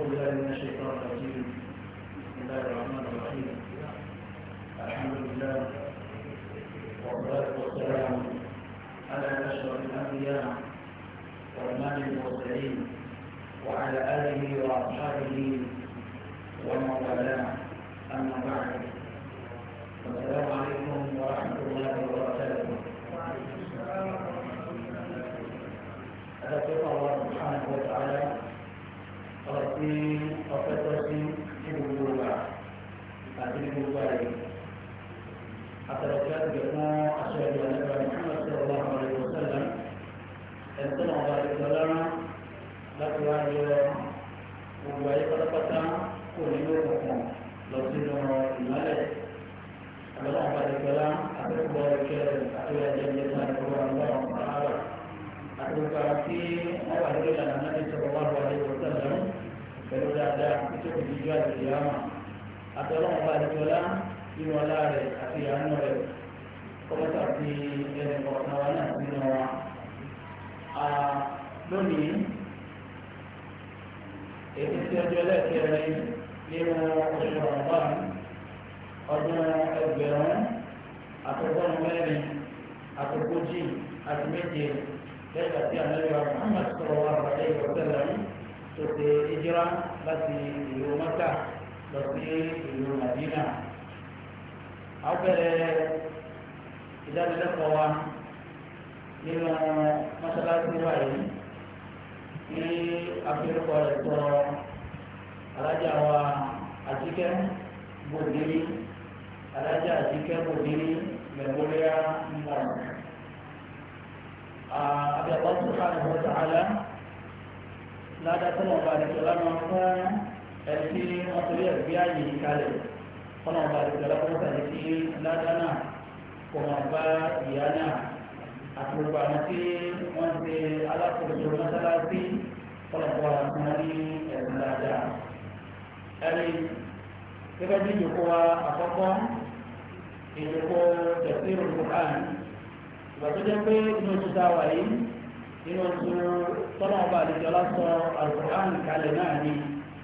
أعوذ بالله من الشيطان الرجيم بسم الله الرحمن الرحيم الحمد لله والصلاة والسلام على أشرف الأنبياء وإمام المرسلين وعلى آله وأصحابه ومن والاه أما بعد السلام عليكم ورحمة الله وبركاته وعليكم الله سبحانه وتعالى ọ̀rọ̀ tí ọ̀fẹ́ tọ́ sí ní gbogbo wa àti ní gbogbo ayé. àtàlẹ́sẹ̀ àti fún aṣọ ìlú àlẹ́bàá ìfúnná sí ọ̀la àwọn ìlú sẹ́lẹ̀ ẹ̀sẹ̀ náà wà lẹ́sẹ̀ ọlọ́run láti wá yọ gbogbo ayé pátápátá kò ní ló kọ̀ọ̀kan lọ sínú ìmọ̀lẹ̀ àbẹ̀lẹ̀ àwọn àlẹ́sẹ̀lá àtẹ̀kọ́ ìkẹ́ àti ẹ̀jẹ̀ ìjẹta ìfowópamọ́ àwọn àbá àti gbogbo àwọn tí wọ́n wà lórí ìlànà náà ti sọ̀rọ̀ wá lọ́wọ́ pẹ̀lú dáadáa nítorí òbí ìjọ àti ìyáma àtọ́lọ́wọ́n bá àdìjọ́lá nínú ọlá rẹ̀ àti ìyáná rẹ̀ kọ́mọ́tà ti ẹnì kọ̀ọ̀kan wa náà nínú wa. lónìí èyí tí ọjọ́ ẹlẹ́kẹ̀rin nínú oṣù ọ̀gbọ́n ọdún ẹgbẹ̀rún àtọ́gbọ́n mẹ́rin àtọ́gbọ́jì àti méje lẹ́yìn àti àmẹ́rin wa Muhammad sọ̀rọ̀ wa àbàdé ìwọ̀sẹ̀lẹ̀ yìí tó ṣe ìjírá láti ìlú mọ́tà lọ sí ìlú Madina. àwọn bẹ̀rẹ̀ ìdánilẹ́kọ̀ọ́ wa nínú mọ́sálásí wa yìí ní abirikọ rẹ̀ tọrọ alájà wa àtikẹ́ bòdìrí alájà àtikẹ́ bòdìrí mẹ̀mọ́lẹ́yà ń bọ̀. àbẹ̀wò sùkàlù wọ́n sàálà ládàá tó náà bá rẹ̀ tó lánàá fún ẹni tí wọ́n torí ẹ̀ gbé ààyè yìí kalẹ̀ tó náà bá rẹ̀ tó lánàá fún ẹni tí ládàá náà kò máa bá ìyá náà àti gbogbo àwọn tí wọ́n ṣe alákòóso mọ́sálásí tó náà bá rẹ̀ fún ẹ̀sìn ládàá. ẹni gẹ́gẹ́ bí ìjòkó wa àkọ́kọ́ ìjòkó tẹ̀síìrì kùkán ìgbà tó jẹ́ pé inú oṣù táwa yìí inú oṣù tọ́lá ọba àdìjọlá sọ alùpùpù kalẹ̀ náà ni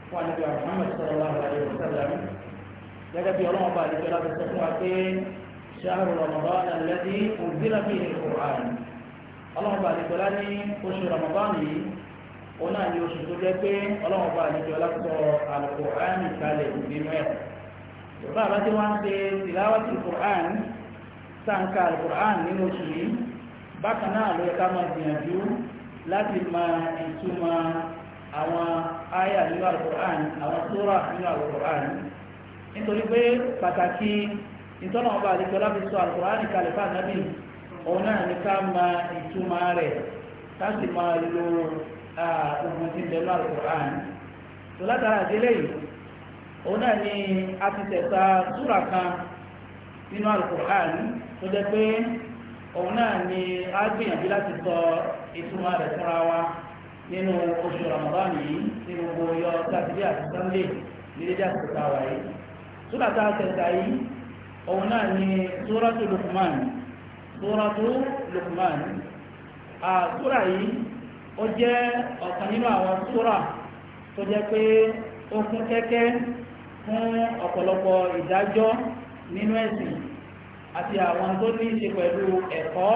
fún àdìjọ Muhammad sallallahu alaihi wasallam gẹ́gẹ́ bí ọlọ́wọ́ ọba àdìjọlá ti sọ fún wa pé ṣáàrù Ramadan alladhi unzila fihi al-Qur'an ọlọ́wọ́ ọba àdìjọlá ní oṣù Ramadan yìí òun náà ni oṣù tó jẹ́ pé kalẹ̀ nínú ẹ̀ bàbá tí wọ́n ṣe tìláwàtì al sáǹkà al nínú oṣù láti ma ìtumọ̀ àwọn àyà nínú Al-Qur'an àwọn sóra nínú Al-Qur'an nítorí pé pàtàkì ìtọ́nà ọba àdìgbò láti sọ Al-Qur'an kàlífà nábì òun ma rẹ̀ láti máa lo ohun tí ń Al-Qur'an tó látara ìtumọ̀ rẹ̀ fúnra wa nínú oṣù Ramadan yìí nínú gbòòyọ sátidé àti sannde nílẹ̀dí àtúntà wa yìí sura tá a tẹ̀sà yìí òun náà ni suratu Luqman suratu Luqman àsúra yìí ó jẹ́ ọ̀kan nínú àwọn súra tó jẹ́ pé ó kún kẹ́kẹ́ fún ọ̀pọ̀lọpọ̀ ìdájọ́ nínú ẹ̀sìn àti àwọn tó ní í ṣe pẹ̀lú ẹ̀kọ́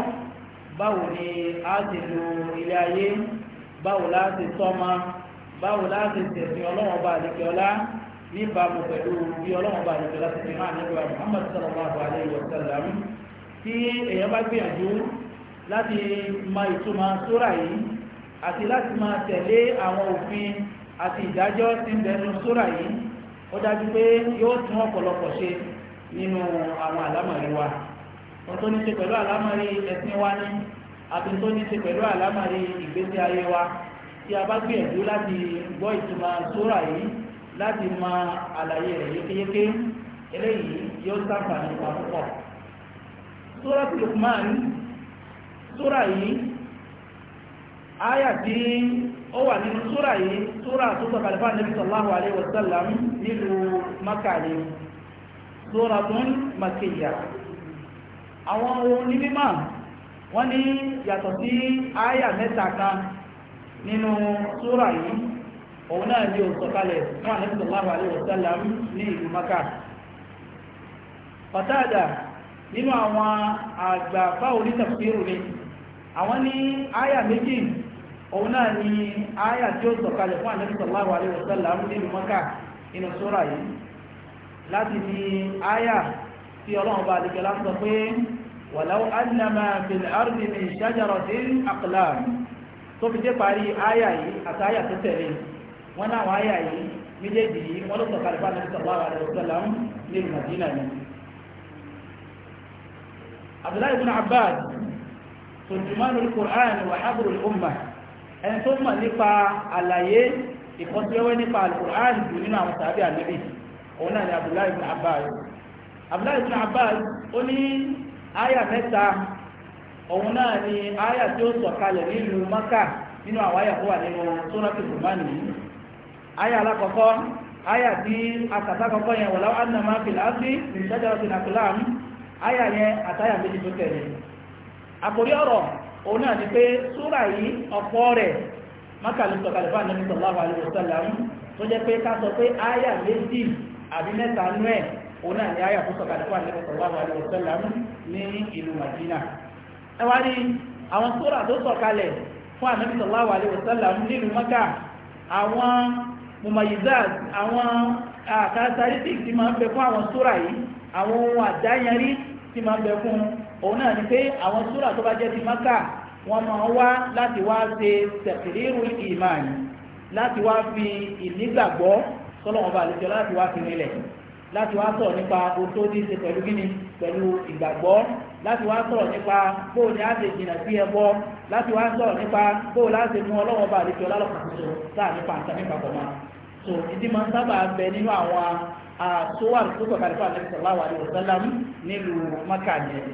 báwo ni a ti lo ilé ayé báwo la ti tọ́mọ báwo la ti tẹ̀sìn ọlọ́wọ́n bá àdìkẹ́ ọlá níbàámu pẹ̀lú bí ọlọ́wọ́n bá àdìkẹ́ ọlá ti fi hàn nígbà Muhammad sallallahu alayhi wa sallam tí èèyàn bá gbìyànjú láti ma ìtumọ̀ sóra yìí àti láti máa tẹ̀lé àwọn òfin àti ìdájọ́ tí ń bẹnu sóra yìí ó dájú pé yóò tún ọ̀pọ̀lọpọ̀ ṣe nínú àwọn àlámọ̀rí wa tó ní ṣe pẹ̀lú àlámọ̀rí ẹ̀sìn wa ní àti tó ní ṣe pẹ̀lú àlámọ̀rí ìgbésí ayé wa tí a bá gbìyànjú láti gbọ́ ìtumọ̀ sóra yìí láti mọ àlàyé rẹ̀ yékéyéké eléyìí yóò ṣàǹfààní wa púpọ̀. sóra ti Luqman sóra yìí àyà tí ó wà nínú sóra yìí sóra tó sọ kàlífà Nabi sallallahu alaihi wasallam nílùú Mákà ni sóra tún Makkiyya àwọn ohun ní mímọ̀ wọ́n ní yàtọ̀ sí mẹ́ta kan nínú yìí òun náà ní ní ìlú nínú àwọn àgbàfà ni àwọn ní àyà méjì òun náà ni àyà tí ó sọ̀kalẹ̀ fún Ànábì sallallahu alaihi ní ìlú Mákà nínú súrà yìí láti ní tí ọlọ́run bá dìkẹ́ lásán pé wàláwó annama fil ardi min shajaratin aqlam tó fi dé parí áyà yìí àti áyà tó tẹ̀lé wọn láwọn áyà yìí méjèèjì yìí wọn ló sọ kàlífà náà sallallahu alaihi wasallam ní Madina ni Abdullahi ibn Abbas tòjúmọ́nù Qur'an wà hábùrù umma ẹni tó mọ̀ nípa àlàyé ìkọ́síwẹ́wẹ́ nípa Qur'an jù nínú àwọn sàbí ànábì òun náà ni Abdullahi ibn Abbas abdullahi ibn abbas ó ní àyà mẹ́ta òun náà ni aya tí ó sọ̀kalẹ̀ nílùú maka nínú àwọn àyà tó wà nínú sóràtì kùránì yìí àyà alákọ̀ọ́kọ́ àyà tí akàtà kọ̀ọ̀kọ́ yẹn wọ̀lá annama fil ardi min shajaratin aqlam àyà yẹn àtàyà méjì tó tẹ̀lé àkòrí ọ̀rọ̀ òun náà ni pé súrà yìí ọ̀pọ̀ rẹ̀ maka ló sọ̀kalẹ̀ fún ànábì sallallahu alaihi wasallam tó jẹ́ pé ká sọ pé àyà méjì àbí mẹ́ta nú ẹ̀ òun náà ni àyà tó sọ̀kalẹ̀ fún àlẹ́ sallallahu alaihi wasallam ní ìlú Madina ẹ wá ní àwọn sóra tó sọ̀kalẹ̀ fún ànábì sallallahu alaihi wasallam nílùú Mẹ́kà àwọn mumayizaz àwọn characteristics ti máa ń bẹ fún àwọn sóra yìí àwọn ohun àdáyanrí ti máa ń bẹ fún òun náà ni pé àwọn sóra tó bá jẹ́ ti Mẹ́kà wọ́n máa wá láti wá ṣe tẹ̀sílẹ́rù ìmáàní láti wá fi ìnígbàgbọ́ sọ́lọ́wọ́n láti wá sọ̀rọ̀ nípa ohun tó ní í ṣe pẹ̀lú gíní pẹ̀lú ìgbàgbọ́ láti wá sọ̀rọ̀ nípa bóò ní àti ìjìnà sí ẹbọ láti wá sọ̀rọ̀ nípa bóò láti mú ọlọ́wọ́ bá àlejò ọlọ́kùnrin sáà nípa àǹtà nípa pọ̀ so ìdí máa ń sábà bẹ nínú àwọn àtúwà tó kọ̀ kàlífà àti sallallahu alaihi wasallam nílùú maka yẹn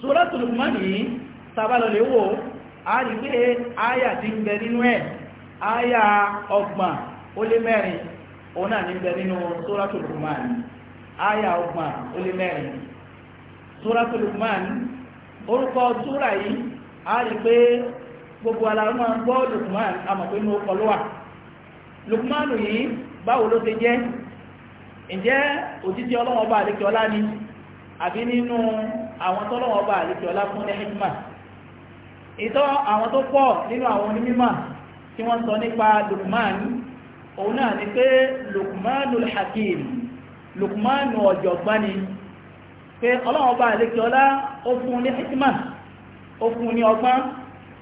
Suratul Luqman yìí sábàlọ́lẹ̀ wò á rí pé áyà ti ń bẹ nínú ẹ̀ áyà ọgbọ̀n ó lé mẹ́rin òun náà ní bẹ nínú sóràtò lukman àyà ọgbọ̀n ó lé mẹ́rin sóràtò lukman orúkọ sóra yìí a rí pé gbogbo aláwọ̀ gbọ́ lukman àmọ̀ pé ní ó kọlọ́wà lukman yìí báwo ló ti jẹ́ ǹjẹ́ òjíṣẹ́ ọlọ́wọ́ bá àdékẹ́ ọlá ni àbí nínú àwọn tọ́lọ́wọ́ bá fún ní ìtọ́ àwọn tó pọ̀ nínú àwọn onímọ̀ tí wọ́n sọ nípa lukman òun náà ni pé lukmanul hakim lukmanu ọ̀jọ̀gbọ́n pé ọlọ́run bá àlékè ọlá ó fún ní hikima ó fún ní ọgbọ́n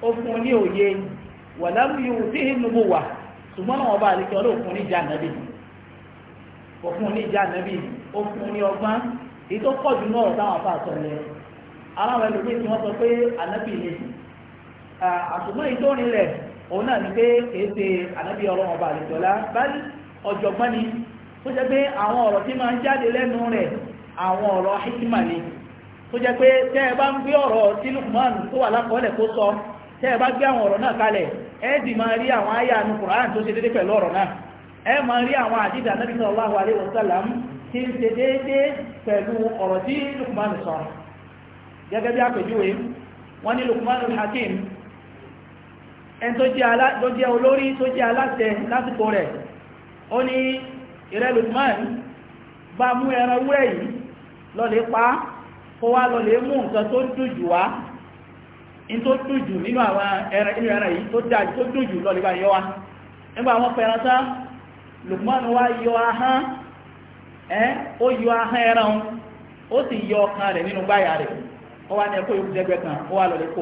ó fún ní òye wà lábí òtí ìnubú wà ṣùgbọ́n ọlọ́run bá ọlá ó fún ní ìjà ní ní ọgbọ́n èyí tó òun náà ni pé anabi ṣe ànábì ọlọ́run ọba àlejòlá báyìí ọ̀jọ̀gbọ́n ni tó jẹ́ pé àwọn ọ̀rọ̀ tí máa ń jáde lẹ́nu rẹ̀ àwọn ọ̀rọ̀ hikima ni tó jẹ́ pé tẹ́ ẹ bá ń gbé ọ̀rọ̀ tí Lukman tó wà lákọọ́lẹ̀ kó sọ tẹ́ ẹ bá gbé àwọn ọ̀rọ̀ náà kalẹ̀ ẹ sì máa rí àwọn àyà nu Qur'an tó ṣe dédé pẹ̀lú ọ̀rọ̀ náà ẹ máa rí àwọn àdídà sallallahu tí ń ṣe pẹ̀lú ọ̀rọ̀ Lukman sọ gẹ́gẹ́ ẹni tó jẹ́ olórí tó jẹ́ aláṣẹ lásìkò rẹ̀ ó ní ìrẹ́ Lukman bá mú ẹran wúrẹ́ yìí lọ́lẹ̀ pa kó wá lọ́lẹ̀ mú nǹkan tó dùjù wá in tó dùjù nínú àwọn ẹran yìí tó dájú tó dùjù lọ́lẹ̀ bá yọ wá nígbà wọn pẹ̀ràn Lukman wá yọ ahán ẹ́ ó yọ ahán ẹran ó sì yọ ọkàn rẹ̀ nínú gbáyà rẹ̀ ó wá ní ẹkọ́ ìkújẹgbẹ́ kan ó wá lọ́lẹ̀ kó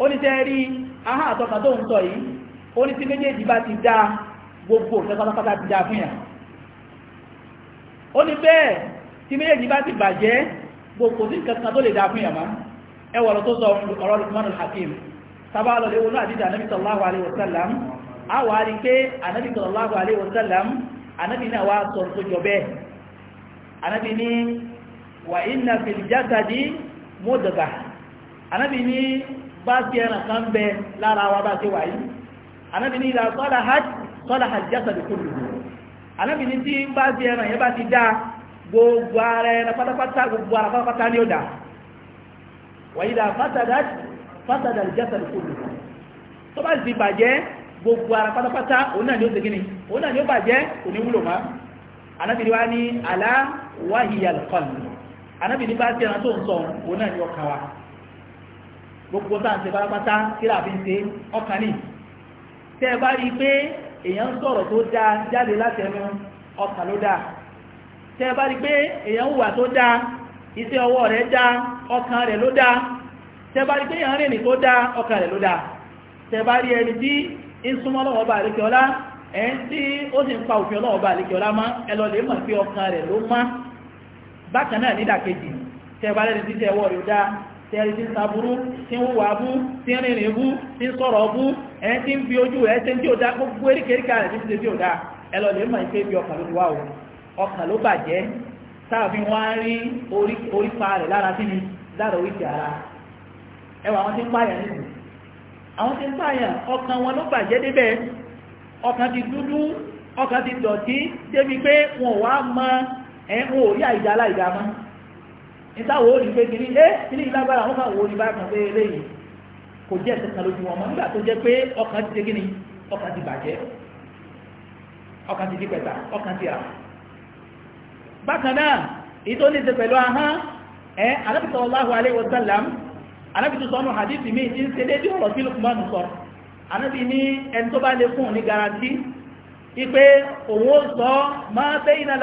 ó ní tẹ́rí ahá àtọ́ka tó ń sọ yìí ó ní tí méjèèjì bá ti dá gbogbo pátápátá ti dá fún yà ó ní bẹ́ẹ̀ tí méjèèjì bá ti bàjẹ́ gbogbo sí kankan tó lè dá fún yà má ẹwọ̀rọ̀ tó sọ ọ̀rọ̀ Luqmanul Hakim sábà lọ lè wọnú àdídà anábì sallallahu alaihi wasallam a wà rí pé anábì sallallahu bá sí ẹran kan bẹ lára wa bá sí wà yìí anábì ní ìlà sọ́lá hajj sọ́lá hajj jásàdì kò lù anábì ní tí bá sí ẹran yẹn bá ti dá gbogbo ara ẹran pátápátá gbogbo ara pátápátá ni ó dá wà ìlà fásàdà fásàdà jásàdì kò lù tó bá sì bàjẹ́ gbogbo ara ní bá sí ẹran tó ń sọ òun náà ni ọkàn wa gbogbo tá à ń ṣe pátápátá kí làbí ń ṣe ọkàn ní tẹ́ ẹ bá rí i pé èèyàn sọ̀rọ̀ tó dáa jáde láti ẹnu ọkàn ló dáa tẹ́ ẹ bá rí i pé èèyàn hùwà tó dáa iṣẹ́ ọwọ́ rẹ̀ dáa ọkàn rẹ̀ ló dáa tẹ́ ẹ bá rí i pé èèyàn rìnrìn tó dáa ọkàn rẹ̀ ló dáa tẹ́ ẹ bá rí ẹni tí ń súnmọ́ lọ́wọ́ bá àríkẹ́ ọlá ẹ̀ ń tí ó sì ń pa òfin ọlọ́wọ́ bá àríkẹ́ ọlá má ẹ lọ lè mọ̀ pé ọkàn rẹ̀ ló má bákan náà nídàkejì tẹ́ bá rẹ́ni tí iṣẹ́ ọwọ́ rẹ̀ dáa tẹ́rí tí ń sàbúrú tí ń wà bú tí ń rìnrìn bú tí ń sọ̀rọ̀ bú ẹni tí ń fi ojú rẹ̀ ṣe tí ó dá gbogbo eríkèríkà rẹ̀ títí tí ó dá ẹlọ lè mọ̀ ìpé bí ọkàn ló wà o ọkàn ló bàjẹ́ sáàbí wọ́n rí orípa rẹ̀ lára sí ni lára orí ti ara ẹwà àwọn tí ń pààyàn nìkú àwọn tí ń pààyàn ọkàn wọn ló bàjẹ́ débẹ̀ ọkàn ti dúdú ọkàn ti dọ̀tí débi pé wọn ò wá mọ ẹ̀ ń wò rí àìdá aláìdá mọ́ nítawọ̀ ó rí pé kiri ẹ́ eh, kiri ìlágbára wọn kà wò ó ní bá kan pé eléyìí kò jẹ́ ẹ̀sẹ̀ kan lójú wọn mọ́ nígbà tó jẹ́ pé ọkàn ti ṣe ni ọkàn ti bàjẹ́ ọkàn ti di pẹ̀tà ọkàn ti rà bákan náà ìtò ní ṣe pẹ̀lú ahán ẹ́ Ànábì sallallahu alaihi wasallam Ànábì tó sọnù hadith mi ti ń ṣe déédé ọ̀rọ̀ sí garanti ipe òun ó sọ máa bẹ́yìn náà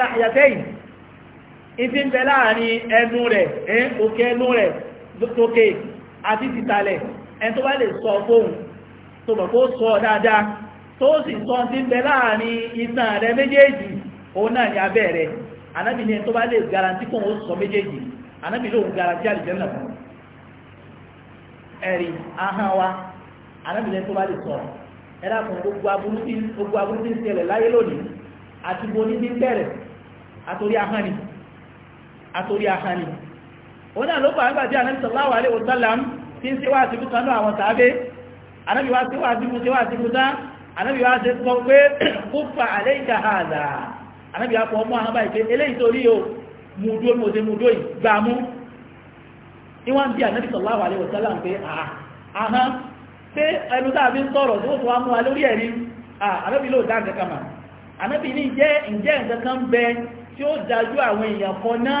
ìfi ń bẹ láàrin ẹnu rẹ̀ ẹ́ òkè ẹnu rẹ̀ tókè àti tìtàlẹ̀ ẹn tó bá lè sọ fóun tó bọ̀ kó sọ dáadáa tó sì sọ ti ń bẹ láàrin itan rẹ̀ méjèèjì òun náà ni abẹ́ rẹ̀ anábì tó bá lè garanti kóun ó sọ méjèèjì anábì lóun garanti àlùjẹ́ náà ẹ̀rì wa anábì ní ẹn tó bá lè sọ ẹ̀rá kan gbogbo aburú tí ń ṣẹlẹ̀ láyé lónìí àti bo ní bẹ̀rẹ̀ àtòrí àtòrí ahani òun náà ló fà nígbà tí anábì sallallahu alaihi wasallam tí ń síwá àti fúnkan náà àwọn tàbí anábì wá síwá àti fún síwá àti fúnta anábì wá sí sọ pé kuffa alayka hadha anábì wá pọ̀ ọmọ àwọn báyìí pé eléyìí torí o mùdó mo ṣe mùdó sallallahu alaihi wasallam pé àhán pé ẹnu tàbí sọ̀rọ̀ tó tó wá mú wa lórí ẹ̀rí ànábì ló dá nǹkan kan mà ànábì ní jẹ́ ǹjẹ́ nǹkan kan bẹ tí ó dájú àwọn èèyàn kan náà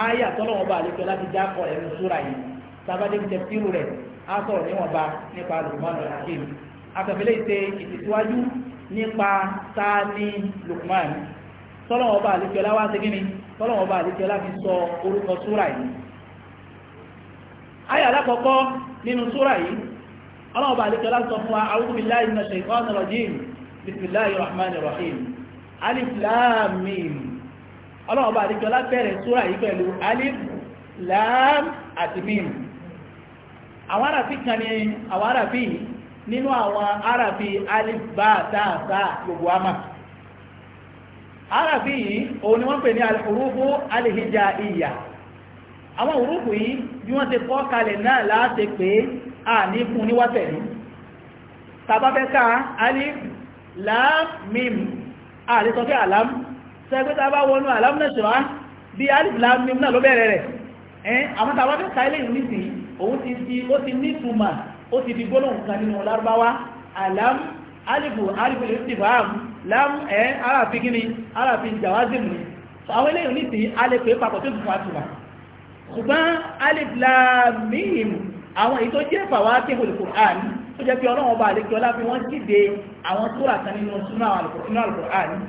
ááyà tọ́lọ́wọ́n bá àlékẹ́ láti já kọ́ ẹ̀mí súra yìí sábàdé ń tẹ̀síru rẹ̀ á sọ̀rọ̀ níwọ̀n bá nípa lukmanu hakim àtàbílẹ̀ ìṣe ìtìsíwájú nípa ta ni lukman tọ́lọ́wọ́n bá àlékẹ́ láwá ṣe kíni tọ́lọ́wọ́n bá àlékẹ́ láti sọ orúkọ súra yìí ááyà alákọ̀ọ́kọ́ nínú súra yìí ọlọ́wọ́n bá àlékẹ́ láti sọ fún wa a'udhu billahi minash shaitanir rajim bismillahir rahmanir rahim alif lam ọlọ́run bá àdíjọ́ lábẹ́rẹ̀ súra yìí pẹ̀lú alif lam àti mim àwọn àràfí kan ní àwọn àràfí nínú àwọn àràfí alif bá tààtà gbogbo àmà àràfí yìí òun ni wọ́n pè ní alhurufu alhijaiyya àwọn hurufu yìí bí wọ́n ti kọ́ kalẹ̀ náà láti pé a ní fún níwátẹ̀lú tàbábẹ́ká alif lam mim àlẹ́sọ́fẹ́ sẹ́gbẹ́ tá a bá wọnú alámúnẹ̀ṣọ́á bí alìsìláàmù náà ló bẹ̀rẹ̀ rẹ̀ ẹ́n àwọn tàbá fẹ́ sáílẹ̀ yìí nìsín òun ti ti ó ti ní ìtumà ó ti di gbólóhùn kan nínú lárúbáwá alam alifu alifu lè ti fàám lam ẹ́ aláàfin gíní aláàfin jawazim ni àwọn eléyìí nìsín alẹ́ pé papọ̀ tó tún fàtùmà ṣùgbọ́n alìsìláàmù àwọn èyí tó jẹ́ fàwá tẹ́bùlù Qur'an tó jẹ́ pé ọlọ́run ọba àlejò ọlá fi wọ́n kéde àwọn tó rà kan nínú súnà àlùkò àlùkò àlùkò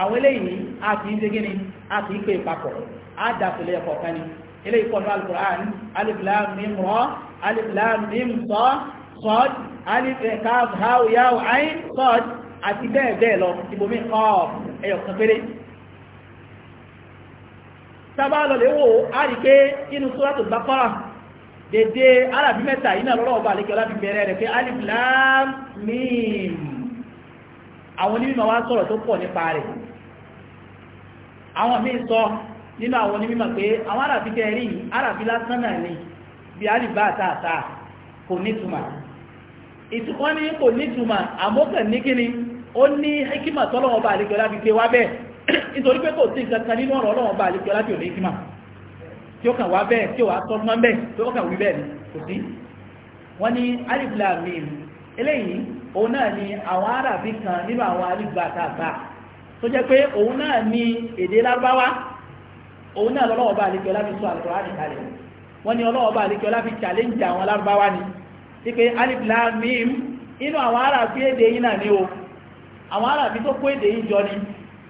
àwọn eléyìí a kì í ṣe gíní a kì í pè papọ̀ a dàpẹ̀lẹ̀ ẹ̀kọ̀ kan ni eléyìí pọ̀ ní alukur'an alif lam mim ra alif lam mim sọ sọd alif eh, kaf hau yau ain sọd àti bẹ́ẹ̀ bẹ́ẹ̀ lọ ibòmí kọ́ ẹ̀yọ̀ kan péré sábà lọlẹ̀ àwọn onímọ̀ wá sọ̀rọ̀ tó pọ̀ nípa rẹ̀ àwọn míì sọ nínú àwọn onímọ̀ pé àwọn àràfi tẹ́ rí àràfi lásán náà ni bí àríbá àtàtà kò nítumà ìtùkọ́ ní kò nítumà àmókàn ní kíni ó ní hikima tọ́lọ́wọ́ bá àlejò láti gbé wá bẹ́ẹ̀ nítorí pé kò sí ìkankan nínú ọ̀rọ̀ ọlọ́wọ́ bá àlejò láti òní hikima tí ó kàn wá bẹ́ẹ̀ tí ó wá ni àwọn àràfi kan nínú àtàtà tó jẹ́ pé òun náà ni èdè lárúbáwá òun náà lọ́wọ́ bá àlejò láti sọ àlùkòránì kalẹ̀ wọ́n ní ọlọ́wọ́ bá àlejò láti challenge àwọn lárúbáwá ni sí pé alif lam inú àwọn aráàfin èdè yìí náà ni o àwọn aráàfin tó kó èdè yìí jọ ni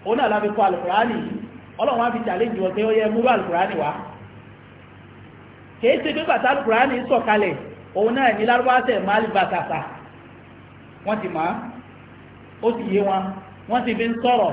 òun náà láti kọ àlùkòránì yìí ọlọ́run wá fi challenge wọn pé ó yẹ múrú àlùkòránì wá kìí ṣe pé bàtà àlùkòránì sọ̀kalẹ̀ òun náà ní lárúbáwá tẹ̀ máa wọ́n ti máa ń sọ̀rọ̀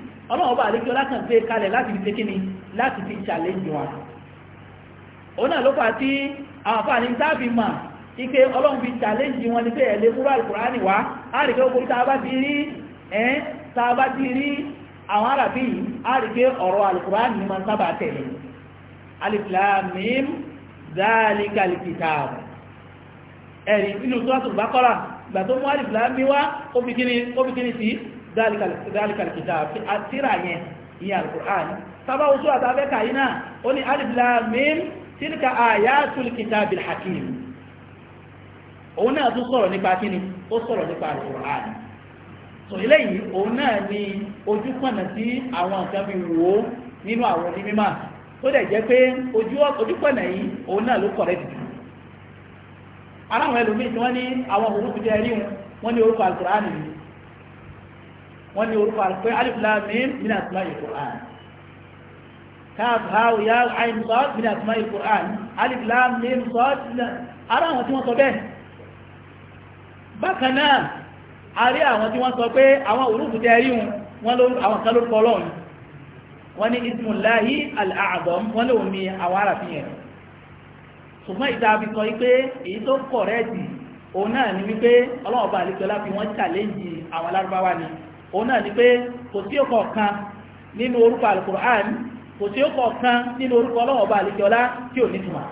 ọlọ́run ọba àdékí ọlá kan gbé kalẹ̀ láti fi kíni láti fi challenge wa òun náà ló fà tí àwọn àfààní táàbì mà ike ọlọ́run fi challenge wọn ní pé ẹ̀lẹ́ múrò alukùránì wá àríkẹ́ ogun tá a bá ti rí ẹ́ tá a bá ti rí àwọn àràbí yìí àríkẹ́ ọ̀rọ̀ alukùránì ní sábà tẹ̀lé dáríkàlì kìtà tíra yẹn ìyẹn alukur'an sábà oṣù àtàfẹ́kà yìí náà ó ní alif lam mim tilka ayatul kitabil hakim òun náà tún sọ̀rọ̀ nípa kíni ó sọ̀rọ̀ nípa alukur'an sọ eléyìí òun náà ni ojú pọ̀nà sí àwọn nǹkan fi wò ó nínú àwọn onímọ̀ tó dẹ̀ jẹ́ pé ojú pọ̀nà yìí òun náà ló kọ̀rẹ́ dìbò aráwọn ẹlòmíì tí wọ́n ní àwọn òun ti jẹ́ ní orúkọ alukur'an yìí wọ́n ní orúkọ àrùn pé alif lam mim min asma'il qur'an káàbù háwù yá ayin sọ́ọ̀t min asma'il qur'an alif lam mim sọ́ọ̀t ara àwọn tí wọ́n sọ bẹ́ẹ̀ bákan náà a rí àwọn tí wọ́n sọ pé àwọn òrùkù tẹ́ ṣùgbọ́n ìdábi sọ wípé èyí tó kọ̀rẹ́ẹ̀tì òun náà ni wípé ọlọ́ọ̀bá àlejò láfi wọ́n challenge àwọn lárúbáwá ni òun náà ni pé kò sí ọkọ̀ kan nínú orúkọ alukur'an kò sí ọkọ̀ kan nínú orúkọ ọlọ́wọ́ bá àlejò ọlá tí ò nítumọ̀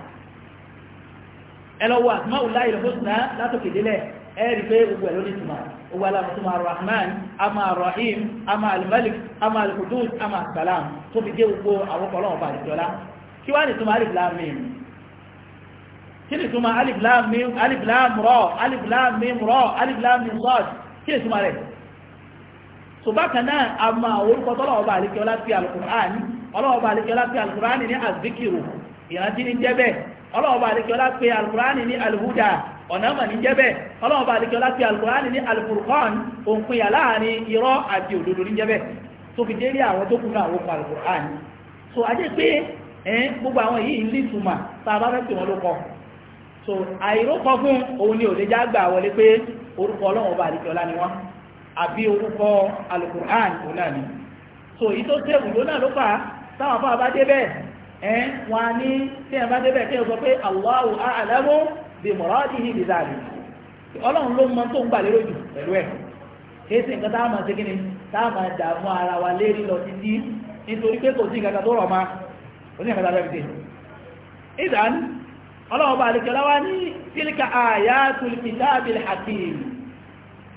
ẹ lọ wo asma'ullahi al-husna látòkè délẹ̀ ẹ rí pé gbogbo ẹ̀ ló nítumọ̀ owó alámọ̀túnmọ̀ arahman ama arahim ama alimalik ama alikudus ama asalam tó fi dé gbogbo àwọn so bákan náà a máa orúkọ tọ́lọ́ọ̀bà àlekẹ́ ọlá fi alukur'ani ọlọ́ọ̀bà àlekẹ́ ọlá fi alukur'ani ní azikiru ìrántí ní jẹ́bẹ̀ ọlọ́ọ̀bà àlekẹ́ ọlá fi alukur'ani ní alhuda ọ̀nàmà ní jẹ́bẹ̀ ọlọ́ọ̀bà àlekẹ́ ọlá fi alukur'ani ní alfurqan òǹpinya láàrin irọ́ àti òdodo ní jẹ́bẹ̀ tó fi dérí àwọn tó kún so ajé pé ẹ̀ẹ́n gbogbo àwọn yìí ń so àìrókọ fún òun ni òde já gbà wọlé pé àbí orúkọ alukur'an òun náà ni so èyí tó tẹ́wù ló náà ló fà á táwọn afọ́ àbá débẹ̀ ẹ̀ wọ́n á ní tí ẹ̀ bá débẹ̀ kí ẹ̀ sọ pé Allahu a'lamu bi muradihi bi zalik ọlọ́run ló mọ tó ń gbà lérò jù pẹ̀lú ẹ̀ kìí sí nǹkan táwọn máa bá àlekẹ́lá wá ní tílíkà àyà tulkitabil hakim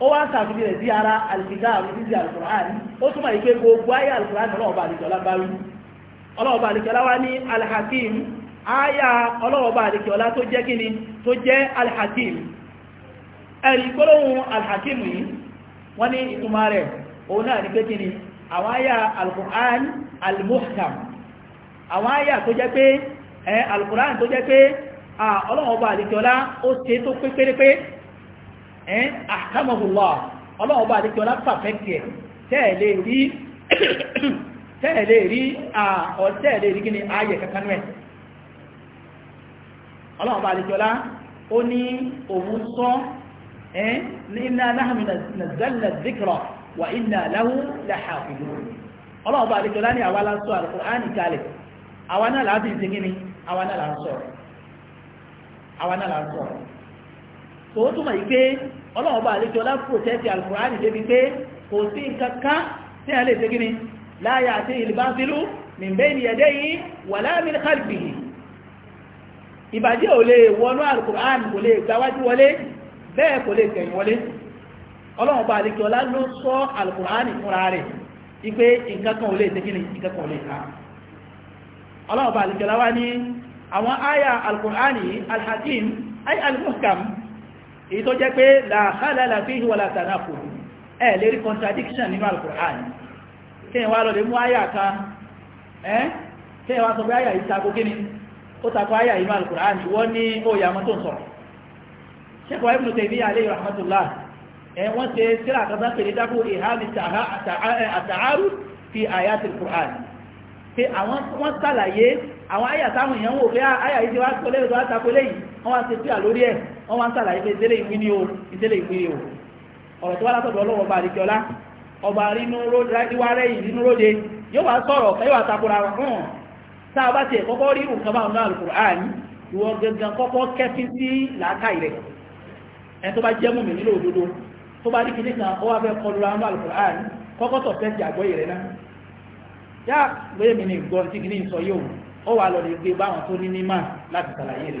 ó wá sàfihì rẹ̀ sí ara alìkìtà àrùsíṣẹ́ alìkùrán ó túnmà ìpé gbogbo ayé alìkùrán ọlọ́ọ̀bà àdìkọ̀lá bá rí ọlọ́ọ̀bà àdìkọ̀lá wá ní alhakim ayá ọlọ́ọ̀bà àdìkọ̀lá tó jẹ́ kíni tó jẹ́ alhakim ẹ̀rí gbólóhùn alhakim yìí wọ́n ní ìtumà rẹ̀ òun náà ní pé kíni àwọn ayá àwọn ayá tó jẹ́ ẹ́n àkàmọ̀hùnwà ọlọ́run bá adékẹ́ ọlá pàfẹ́kì ẹ̀ tẹ́ẹ̀lé rí tẹ́ẹ̀lé rí ọ̀tẹ́ẹ̀lé rí gíní ayẹ̀ kankanú ẹ̀ ọlọ́run bá adékẹ́ ọlá ó ní òun sọ ẹ́n inna nahnu nazzalna dhikra wa inna lahu lahafidun ọlọ́run náà láti ìsìn tó túnmọ̀ yìí pé ọlọ́run bá àlejò lápòtẹ́tì alkùránì débi pé kò sí nǹkankan tí a lè ṣegíní láyé àti ìlúbáfilú min bayni yadayhi wala min khalfihi ìbàjẹ́ ò lè wọnú alkùránì kò lè gbáwájú wọlé bẹ́ẹ̀ kò lè tẹ̀yìn wọlé ọlọ́run bá àlejò lá ló èyí tó jẹ́ pé làhálàlà fi wà látàná kò ẹ̀ lérí contradiction nínú al-Qur'an kíyàn wá lọ́dẹ̀ mú àyà kan ẹ́ kíyàn wá sọ pé àyà yìí tako kíni ó tako àyà nínú al-Qur'an wọ́n ní òyà mọ́ tó ń sọ̀rọ̀ ṣẹ́kọ̀ọ́ Ibn Taymiyyah alayhi rahmatullah ẹ̀ wọ́n ṣe síra àkàtà pèlè dákú ìhàmì àtàárù fi àyàtì al-Qur'an pé àwọn ti wá wọ́n wá sàlàyé pé ìdílé ìwí ni o ìdílé ìwí o ọ̀rọ̀ tó wá látọ̀dọ̀ ọlọ́wọ́ bá àdìjọlá ọba ríwárẹ́ yìí nínú róde yóò wá sọ̀rọ̀ kẹ́ yóò àtakora hàn tá a bá tiẹ̀ kọ́kọ́ rí nǹkan bá ọ̀nà Al-Qur'an ìwọ gangan kọ́kọ́ kẹ́fín sí làákà rẹ̀ ẹ̀ tó bá jẹ́ mú mi nílò òdodo tó bá rí kìíní kan ó wá fẹ́ kọlu ọ̀nà Al-Qur'an kọ́kọ́ tọ̀ fẹ́ ti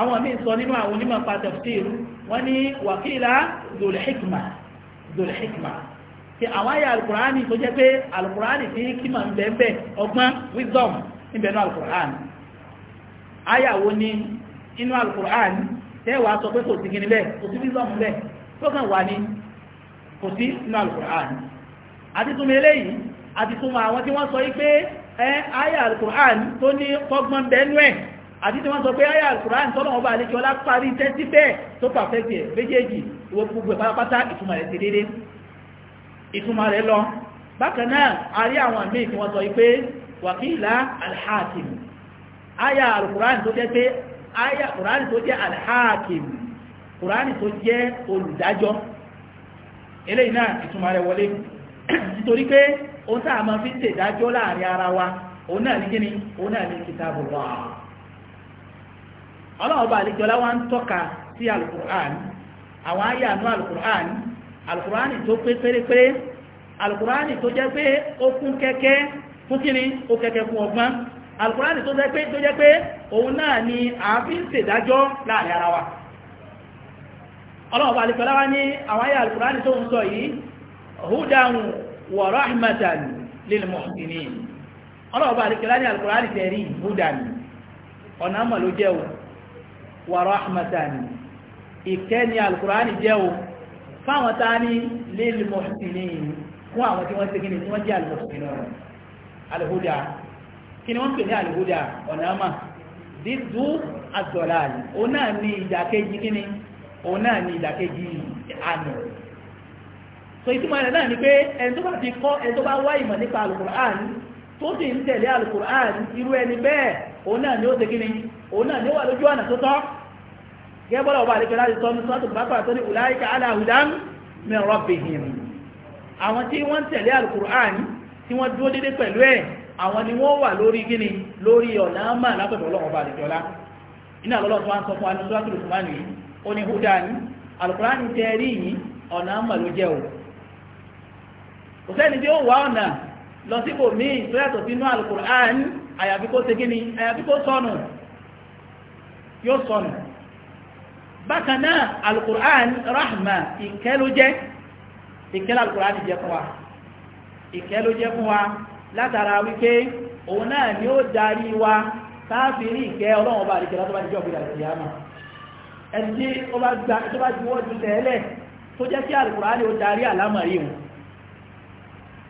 àwọn míì sọ nínú àwọn onímọ̀ pàtàkì wọ́n ní wàkílá dòlẹ̀hìkìmà dòlẹ̀hìkìmà tí àwọn ayà alkùránì tó jẹ́ pé alkùránì tí kíma ń bẹ̀ẹ̀bẹ̀ ọgbọ́n wisdom níbẹ̀nú alkùránì ayà wo ni inú alkùránì tẹ́wàá sọ pé kò sí gini bẹ́ẹ̀ kò sí wisdom bẹ́ẹ̀ tó kàn wà ní kò sí inú alkùránì àti túnmọ̀ eléyìí àti túnmọ̀ àwọn tí wọ́n sọ yí pé ayà alkùránì tó ní kọ́gbọ́n bẹ́ẹ̀ àti tí wọ́n sọ pé ayé alkùnrin tọ́lọ̀ ọba àlejò ọlá parí tẹ́tí bẹ́ẹ̀ tó pàfẹ́kì ẹ̀ méjèèjì ìwọ gbogbo ìpátápátá ìtumọ̀ rẹ̀ ti dédé ìtumọ̀ rẹ̀ lọ bákan náà a rí àwọn àmì tí wọ́n sọ pé wàkílá alhakim ayé alkùnrin ọlọ́ọ̀bá àlejọ́lá wá ń tọ́ka sí alukur'an àwọn ayànú alukur'an alukur'an tó pé pérépéré alukur'an tó jẹ́ pé ó kún kẹ́kẹ́ fún kíni ó kẹ́kẹ́ fún ọgbọ́n alukur'an tó jẹ́ pé òun náà ni a fi ń ṣèdájọ́ láàrin ara wa ọlọ́ọ̀bá àlejọ́lá wá ní àwọn ayà alukur'an tó ń sọ yìí hudan wa wa rahmatan ìkẹ́ni alukur'ani jẹ́ o fáwọn tá a ní lil muhsinin fún àwọn tí wọ́n ti kí ni tí wọ́n jẹ́ al-muhsinin ọ̀rọ̀ al-huda kí ni wọ́n pè ní al-huda ọ̀nàmà dídú àtọ̀láàlì òun náà ní ìdàkejì kí ni òun náà ní ìdàkejì àná so ìtumọ̀ rẹ̀ náà ni pé ẹni tó bá ti kọ́ ẹni tó bá wá ìmọ̀ nípa al tó sì ń tẹ̀lé al irú ẹni bẹ́ẹ̀ òun náà ni ó ti kí òun náà ni ó wà lójú ọ̀nà tó tọ́ gẹ́gbọ́lọ̀ ọba àdíkẹ́ láti sọ́nù sọ́tù bákọ̀rọ̀ tó ní ulaika ala hudan min rabbihim àwọn tí wọ́n tẹ̀lé alukur'an tí wọ́n dúró dédé pẹ̀lú ẹ̀ àwọn ni wọ́n wà lórí gíní lórí ọ̀nà mà lápẹ̀bọ̀ ọlọ́run ọba àdíkẹ́ ọlá iná lọ́lọ́ tó wá ń sọ fún anúṣọ́ àti lùkùnmá nìyí ó ní hudan alukur'an tẹ rí yìí bákan náà alukur'an rahma ìkẹ́ ló jẹ́ ìkẹ́ alukur'an jẹ́ fún wa ìkẹ́ ló jẹ́ fún wa látara wípé òun náà ni ó darí wa káfíìrì ìkẹ́ ọlọ́run ọba àdìkẹ́ látọ́ bá ti jọ́ òkúta ìyáàmà ẹni tí ó bá gba tó bá juwọ́ ju tẹ́lẹ̀ tó jẹ́ kí alukur'an ó darí àlámọ̀rí wọn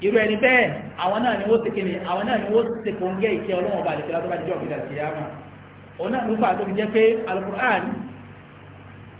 irú ẹni bẹ́ẹ̀ àwọn náà ni wọ́n ti kìnnì àwọn náà ni wọ́n ti kòńgẹ́ ìkẹ́ ọlọ́run ọba àdìkẹ́ bá ti jọ́ òkúta ìyáàmà òun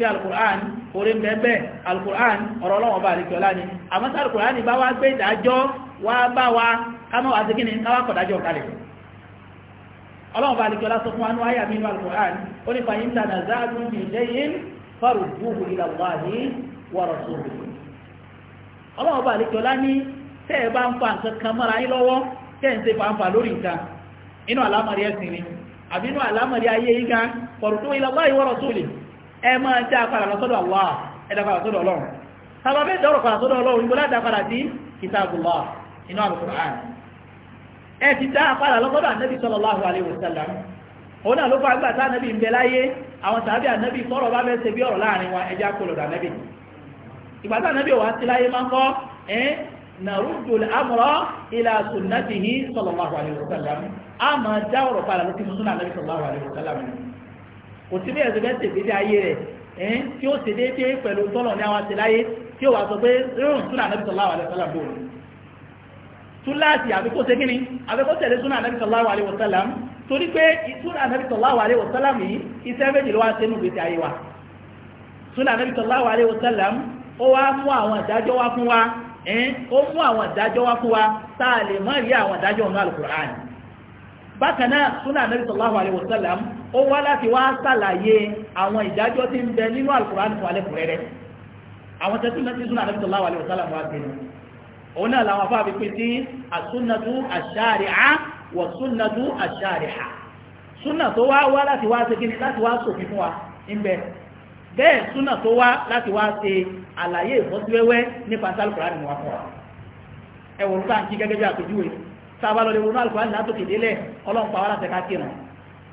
sí alukur'an orí bẹ́ẹ̀bẹ́ alukur'an ọ̀rọ̀ ọlọ́wọ̀n bá àríkẹ́ ọlá ni àmọ́ sí alukur'an bá wá gbé ìdájọ́ wá bá wa kámọ́ wá sí kí ni káwá kọ̀dájọ́ kalẹ̀ ọlọ́wọ̀n bá àríkẹ́ ọlá sọ fún anú àyà nínú alukur'an ó ní fàyín tànà inú àlámọ̀rí ẹ̀sìn ni àbínú àlámọ̀rí ayé yín kan fọ̀rùtú ila Allahi wa E máa já padà lọ sọ́dọ̀ Allah ẹ̀dà padà sọ́dọ̀ ọlọ́run sábà fẹ́ dọ́rọ̀ padà sọ́dọ̀ ọlọ́run ìgbó láti padà wa nàrúdù kò sí bí ẹ̀sùn bẹ́ẹ̀ tètè ayé rẹ̀ ẹ̀ẹ́n tí ó ṣe déédéé pẹ̀lú tọ́lọ̀ ní àwọn àtìláyé tí ó wà sọ pé rírùn súnà Ànábì sallallahu alaihi bò túláàsì àbíkó ṣe kíni àbíkó tẹ̀lé súnà Ànábì sallallahu alaihi wasallam torí pé súnà Ànábì sallallahu alaihi wasallam yìí iṣẹ́ méjì ló wá sínú ìgbésí ayé wa súnà Ànábì sallallahu alaihi wasallam ó wá mú àwọn ìdájọ́ wá fún wa ẹ̀ẹ́n ó mú àwọn ìdájọ́ wá fún wa tá a lè mọ̀ rí àwọn ìdájọ́ ọ̀nà al bákan náà súnà Ànábì sallallahu alaihi wasallam ó wá láti wá sàlàyé àwọn ìdájọ́ tí ń bẹ nínú Al-Qur'an fún alẹ́ kùrẹ́rẹ́ àwọn tẹ́tù mẹ́tí súnà Ànábì sallallahu alaihi wasallam wá bẹ̀rẹ̀ òun náà làwọn afá fi pín sí as-sunnatu ash-shari'a wa sunnatu ash-shariha súnà tó wá wá láti wá ṣe kíni láti wá sòfin fún wa ń bẹ bẹ́ẹ̀ súnà tó wá láti wá ṣe àlàyé ìfọ́síwẹ́wẹ́ nípa sálùkùrán ni wọ́n fọ́ ẹ̀wọ̀n ká ń kí gẹ́gẹ́ bí àpèjúwe sábà lọ́lẹ́wọ̀n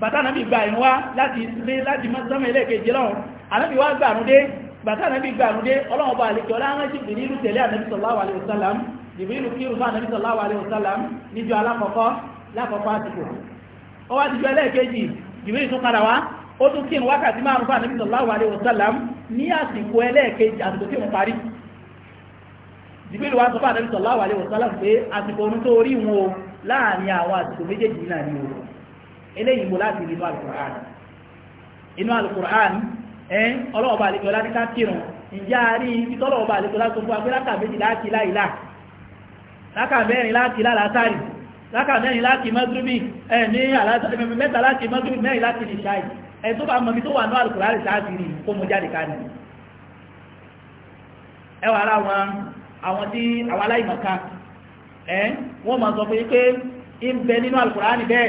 bàtà nàbí gba ìrún wá láti ilé láti sánmà ẹlẹ́ẹ̀kejì lọ́hùn ànábì wá gbà àrùn dé bàtà nàbí gbà àrùn dé ọlọ́run ọba àlejò ọlọ́run jìbìrìlù tẹ̀lé ànábì sallallahu alaihi wasallam jìbìrìlù kírun fún ànábì sallallahu alaihi wasallam níjọ alákọ̀ọ́kọ́ lákọ̀ọ́kọ́ àtìkò ó wá ti jọ ẹlẹ́ẹ̀kejì jìbìrìlù tún padà wá ó tún kírun wákàtí márùn fún ànábì sallallahu alaihi wasallam ní àsìkò ẹlẹ́ẹ̀kejì àsìkò tí òun parí jìbìrìlù wá sọ fún ànábì sallallahu alaihi wasallam pé àsìkò orun tó eléyìí mo láti inú alukur'an inú alukur'an ẹ́ ọlọ́ọ̀bà àlejò láti ká kírun ìjẹ́ àárí ibi tọ́lọ̀ọ̀bà àlejò láti fún wa pé láka méjì láti láìlá láka mẹ́rin láti lálátàrí láka mẹ́rin láti mọ́túrúbì ẹ̀ ní mẹ́ta láti mọ́túrúbì mẹ́rin láti nìṣáì ẹ̀ tó bá mọ̀ bí tó wà ní alukur'an sáàtì rí kó mo jáde ká nìyí ẹwà ara wọn àwọn tí àwọn aláìmọ̀ká ẹ́ wọ́n mọ̀ sọ pé ń bẹ nínú alukur'an bẹ́ẹ̀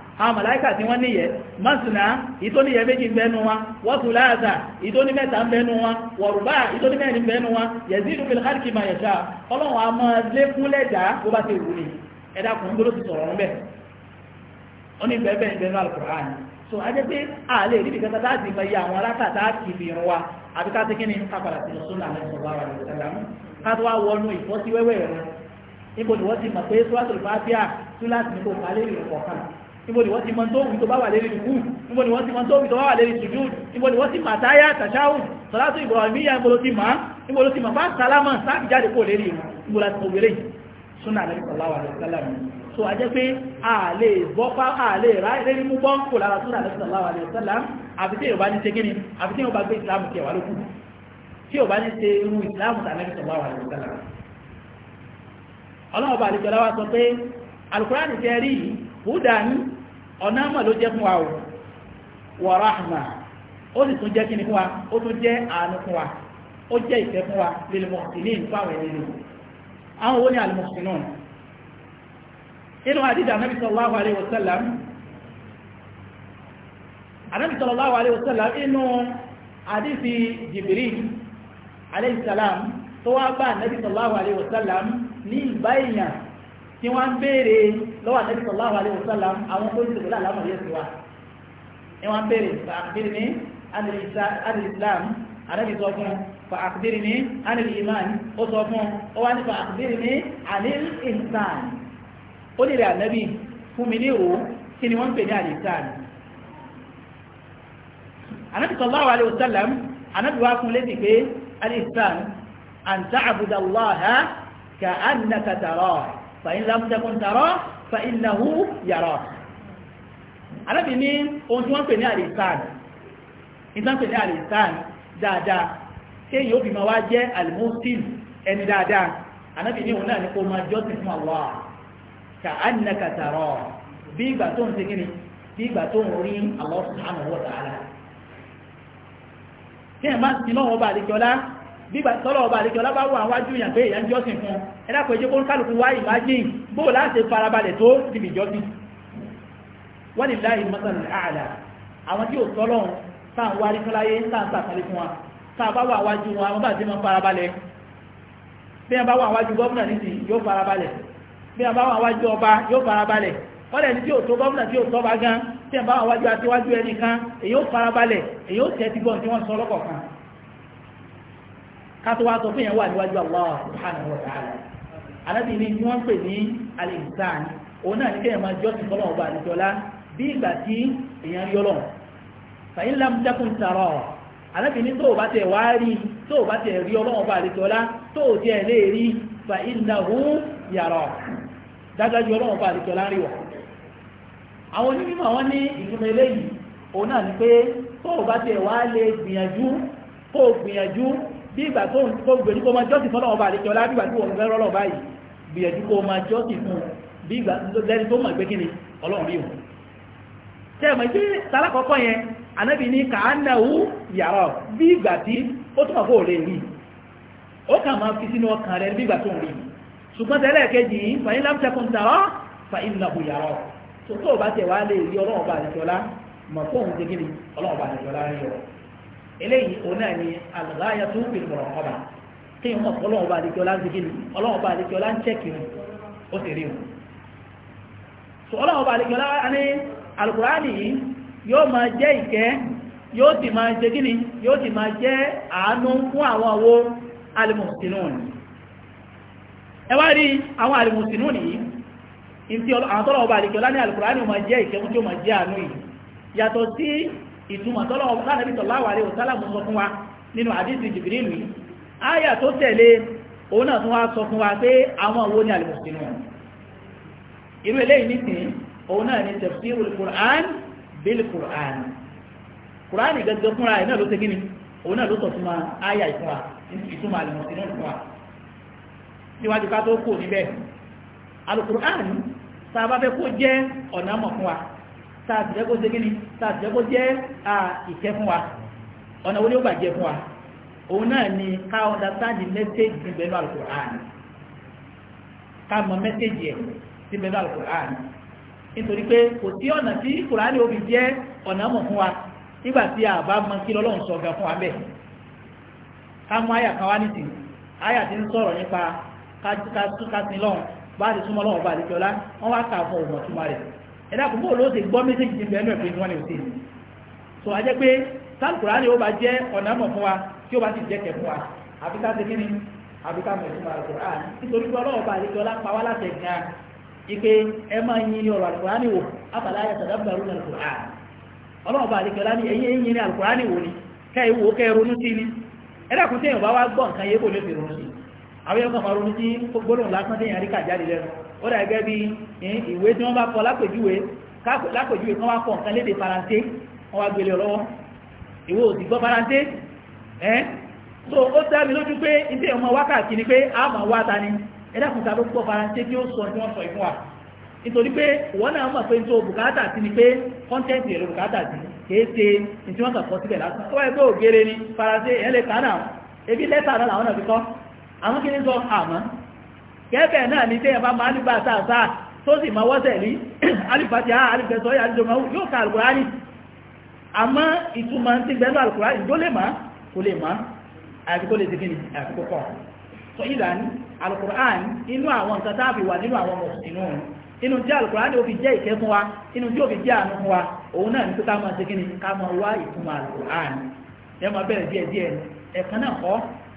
àwọn màláíkà tí wọ́n níyẹ mọ́sùnà ìtóníyẹ méjì ń bẹnu wọn wọ́n tún láàzà ìtóní mẹ́ta ń bẹnu wọn wọ̀rùbá ìtóní mẹ́rin ń bẹnu wọn yazidu fil khalqi ma yasha ọlọ́run a máa lékún lẹ́dà bó tó ló ti sọ̀rọ̀ ni kápára níbo ni wọ́n ti mọ tó wù tó bá wà lérí ìkú níbo ni wọ́n ti mọ tó wù tó bá wà lérí ìṣújú níbo ni wọ́n ti mà táyà tàṣáhù sọ́látù ìbọ̀rọ̀míyà níbo ló ti mà níbo ló ti mà bá sálámà sáàbì jáde kó lérí ìmọ̀ níbo láti mọ̀ wẹ̀rẹ̀ súnà lẹ́yìn so a jẹ́ pé a lè bọ́pá a lè rá lérí mú bọ́n kò lára súnà lẹ́sìn sọ̀láwà lẹ́sàlámù àfi tí yorùbá ní ṣe gíní àfi tí yorùbá gbé ìsìlámù tiẹ̀ wá lókù tí yorùbá ní alukurani tẹ rí hudan ọ̀nà mọ̀ ló jẹ́ fún wa o wa rahma ó sì tún jẹ́ kí ni fún wa ó tún jẹ́ àánú fún wa ó jẹ́ ìfẹ́ fún wa lil muhsinin fún àwọn ẹni lò àwọn owó ní al muhsinun inú àdídà anábì sallallahu alaihi wasallam tó wá bá anábì sallallahu alaihi ní ìbáyìyàn tí wọ́n ń béèrè lọ́wọ́ àtẹ́bí sallallahu alaihi wasallam àwọn tó ń sèkúlà lámọ̀ yẹn sí wa ni wọ́n ń béèrè fàkìdìrì ní alìsílám àtẹ́bí sọ fún fàkìdìrì ní alìlímán ó sọ fún ó wá ní fàkìdìrì ní alìlísán ó lè rẹ̀ ànábì fún mi ní ìrò kí ni fàyín lámútẹ́kùn tààrọ́ fàyín náhú yàrá arábì ní ohun tí wọ́n pè ní àlìsàn ìtàn pè ní àlìsàn dáadáa tí èyí ó fi máa wá jẹ́ alimosin ẹni dáadáa anábì ní òun náà ní kó máa jọ́sìn fún Allah ka annaka tààrọ́ bí ìgbà tó ń segin ni bí ìgbà tó ń rí Allah subhanahu wa ta'ala tí ẹ̀ máa ti lọ́wọ́ bá àdìjọ́lá bígbà tọ́lọ̀ ọba àríkẹ́ ọlábáwọ̀ àwájú ìyàn pé ìyàn jọ́sìn fún ẹlápọ̀ ìjẹ́ kóń kálùkù wá ìmájín bó láti farabalẹ̀ tó dìbì jọ́sìn wọ́n ni láì mọ́sàn ààlà àwọn tí ó tọ́lọ̀ sáà wárí fúnláyé sáà sàkàlẹ̀ fún wa sáà bá wà wájú wọn àwọn bá ti mọ́ farabalẹ̀ bí a bá wà wájú gọ́ọ̀nà nìsí yóò farabalẹ̀ bí a bá wà wájú ọba yóò farabalẹ̀ wọ́n lẹ́ni tí ó tó gọ́ọ̀nà tí ó tọ́ bá gan tí a bá wà wájú àtiwájú ẹnìkan èyí ó farabalẹ̀ èyí ó tẹ́ ti wọ́n sọ kátó wá sọ fún yẹn wà níwájú Allah subhanahu wa ta'ala alábì ní wọ́n pè ní al-insan òun náà ní kẹ́yẹ̀ máa jọ́sìn fọ́lọ́wọ́ bá àdìjọ́lá bí ìgbà tí èèyàn rí ọlọ́run fàyín tó bá tẹ̀ wá rí tó bá tẹ̀ rí ọlọ́run bá àdìjọ́lá tó o tiẹ̀ rí fàyín nàhú yàrá dájájú ọlọ́run bá àdìjọ́lá rí wọ̀ àwọn onímọ̀ wọn ní ìgbìmọ̀ eléyìí òun náà ní pé tó bá tẹ̀ wá lè gbìyànjú bí ìgbà tó ń kó gbèdú kó máa jọ́sì fún ọlọ́wọ́ bá àdékè ọlá bí ìgbà tí wọ́n fẹ́ rọ́lọ́ báyìí gbìyànjú kó máa jọ́sì fún bí ìgbà lẹ́ni tó mọ̀ pé kí ni ọlọ́run rí òun tẹ́ ẹ̀ mọ̀ pé tálákọ̀ọ́kọ́ yẹn anábì ní kàánàwó yàrá bí ìgbà tí ó túnmọ̀ kó lè rí ó kà máa fi sínú ọkàn rẹ̀ bí ìgbà tó ń rí ṣùgbọ́n tẹ́lẹ̀ kejì fàyín tó bá tẹ̀ lè rí ọlọ́run bá mọ̀ fóun ti kí ni ọlọ́run rí ọ̀rọ̀ eléyìí òun ni àlùbáyà tó fi mọ̀rọ̀ ọba tí n mọ̀ ọlọ́run bá àdéjọ́ lá ń segin ọlọ́run bá àdéjọ́ lá ń chẹ́kì mu ó sì rí mu. sọ ọlọ́run bá àdéjọ́ lá ní alukurani yìí yóò máa jẹ́ ìkẹ́ yóò sì máa jẹ́ gíní yóò sì máa jẹ́ àánú fún àwọn alimusinu. ẹ wá rí àwọn yìí ọba alukurani yóò máa jẹ́ ìkẹ́ máa jẹ́ àánú yìí yàtọ̀ sí ìtumọ̀ tọ́lọ́wọ́ lánàbí sallallahu alaihi wasallam sọ fún wa nínú àdísì jìbìrìlù yìí áyà tó tẹ̀lé òun náà tún wá sọ fún wa pé àwọn owó ní alìmọ̀sínú irú eléyìí nìsín òun náà ni tafsirul kó jẹ́ ọ̀nà mọ̀ fún wa tààtìjẹ́ kó ṣe kí ni tààtìjẹ́ kó jẹ́ ìkẹ́ fún wa ọ̀nà wo ni ó gbàjẹ́ fún wa òun náà ni ká understand the message ti bẹ̀rù alukur'an ká mọ message yẹ ti bẹ̀rù alukur'an nítorí pé kò sí ọ̀nà tí kùránì ó fi jẹ́ ọ̀nà mọ̀ fún wa nígbà tí a bá mọ kí lọ́lọ́run sọ gan fún wa bẹ́ẹ̀ ká mú àyà kan wá nìsín àyà ti ń sọ̀rọ̀ nípa ká tún ká sin lọ́run bá ti súnmọ́ lọ́run bá ti jọlá wọ́n wá kà fún òun ọ̀túnmọ́ rẹ̀ ẹ̀dàkùn ló ti gbọ́ méjèèjì ti bẹ̀rẹ̀ pé wọ́n lè so a jẹ́ pé sálùkùrá ni ó bá jẹ́ fún wa tí ó bá sì jẹ́kẹ̀ fún wa àbí pé ike ẹ ni wò abàlá ayé sàdábàrú ní àlùkùrá ọlọ́wọ́ bá àdéjọ lá ní ẹ̀yìn yin àlùkùrá ó dà bí ìwé tí wọ́n bá kọ lápèjúwe lápèjúwe wá kọ nǹkan léde faransé wọ́n wá gbélé ọlọ́wọ́ ìwé ò sì gbọ́ faransé so ó dá lójú pé ọmọ wákàtí ni pé a ma wá ta ni ló faransé tí ó sọ tí wọ́n sọ ìfún wa nítorí pé wọ́n náà mọ̀ pé nítorí bùkátà sí ni pé kọ́ńtẹ́ǹtì èrò bùkátà sí kìí ní tí wọ́n kọ́ síbẹ̀ ni faransé ẹ̀ lè kà ebi lẹ́tà náà làwọn náà fi kọ́ àwọn gẹ́gẹ́ náà ni tẹ́yẹ̀ bá máa nígbà sáàsáà tó sì máa wọ́sẹ̀ rí alifatiha alifẹsọ́yà alìjọmọ́ yóò ka alkùránì àmọ́ ìtumọ̀ tí gbẹ́nu alkùránì tó lè má kò lè má àti kó lè ti gíní àti kókọ́ so ìlànì alkùránì inú àwọn nǹkan tá fi wà nínú àwọn mọ̀sùnínú inú tí alkùránì ó fi jẹ́ ìkẹ́ fún wa inú tí ó fi jẹ́ àánú fún wa òun náà ní tó ká máa ti gíní ká máa wá ìtumọ̀ alkùránì ẹ máa bẹ̀rẹ̀ díẹ̀díẹ̀ ẹ̀kan náà kọ́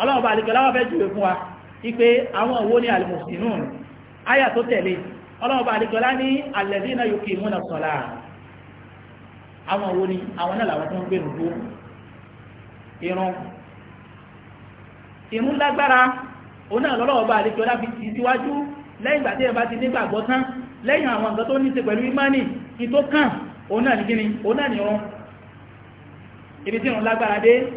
ọlọ́run bá àdìkẹ́ láwọ́ fẹ́ jùwé fún wa wípé àwọn òwò ní almuslimun áyà tó tẹ̀lé ọlọ́run bá àdìkẹ́ lá ní alladhina yuqimuna salah àwọn òwò ní àwọn náà làwọn tó ń gbèrú dúró irun irun lágbára òun náà lọ́lọ́run bá àdìkẹ́ lá fi ti síwájú lẹ́yìn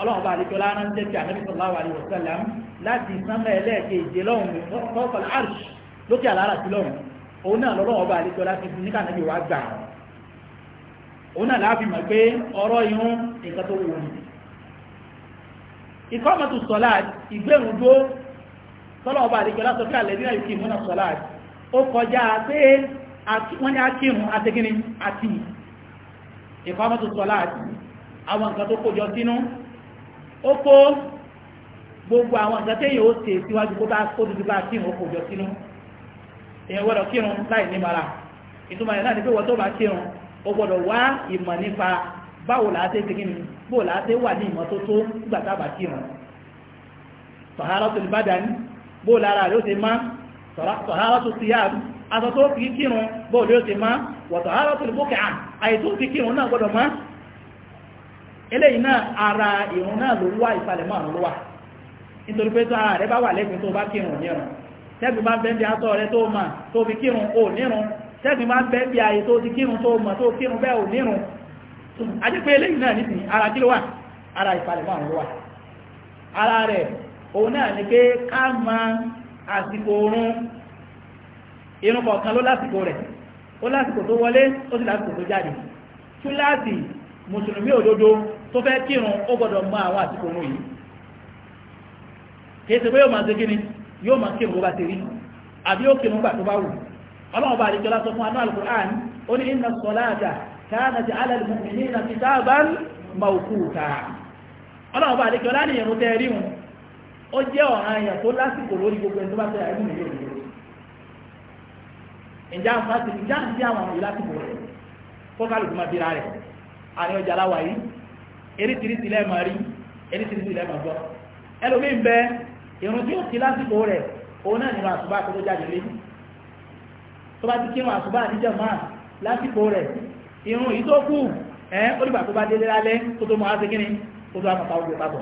ọlọ́run bá àlejò lára ń tẹ́tí ànábì sallallahu alaihi wasallam láti sánmà ẹlẹ́ẹ̀kejì lọ́hùn fọ́fọ́lá arsh lókè àlára sí lọ́hùn òun náà lọ́lọ́run bá àlejò láti fi níkà ànábì wá gbà òun náà láàfin mọ̀ pé ọ̀rọ̀ irun nǹkan tó wù ní. ìkọ́mọ̀tò sọ̀lá ìgbérun dó tọ́lọ́run bá àlejò láti fi àlẹ́ nílẹ̀ yìí múná sọ̀lá àti ìkọ́mọ̀tò sọ̀lá àwọn nǹkan tó kójọ sínú ó kó gbogbo àwọn nǹkan téèyàn ó ṣe síwájú kó bá kó dúdú bá kírun ó kò jọ sínú èèyàn gbọ́dọ̀ kírun láì ní mara ìtumọ̀ yẹn náà ni pé wọ́n tó bá kírun ó gbọ́dọ̀ wá ìmọ̀ nípa báwo làá ṣe ṣe kí ni bó làá ṣe wà ní ìmọ́tótó nígbà tá a bá kírun taharatul badani bó lára rẹ̀ ó ti má taharatus siyab aṣọ tó fi kírun tó fi eléyìí náà ara irun náà ló wá ìsàlẹ̀ márùn ló nítorí pé tó ara bá wà lẹ́gbẹ̀ẹ́ tó bá kírun nírun tẹ́gbì bá ń bẹ́ bí atọ́ rẹ tó mà tó fi kírun ò nírun tẹ́gbì bá ń bẹ́ bí ayé tó ti kírun tó mà tó kírun bẹ́ẹ̀ ò nírun ara kí ló wà ara ìsàlẹ̀ máa mùsùlùmí òdodo tó fẹ́ kírun ó gbọ́dọ̀ mọ àwọn àsìkò òun yìí kìí ṣe pé yóò máa ṣe kíni yóò máa kírun bó bá ti rí àbí yóò kírun gbà tó bá wù ọlọ́run bá àdìjọ́lá sọ fún anú alukur'an ó ní inna salata kanat ala al-mu'minina kitaban mawquta ọlọ́run bá ń fa sí ń sí àwọn ìlú rẹ̀ kó kálukú máa bíra rẹ̀ àrin ọjà aláwà yìí eréṣiríṣi lẹ́ẹ̀mà rí eréṣiríṣi lẹ́ẹ̀mà gbọ́ ẹlòmí ń bẹ irun tí ó ti lásìkò rẹ̀ òun náà nínú àsùbá tó tó jáde lé tó bá ti kí irun àsùbá àdíjọ máa lásìkò rẹ̀ irun yìí tó kù ẹ olùgbà tó bá délé lálẹ́ tó tó mọ á segin ni tó tó àmọ̀ta ogun papọ̀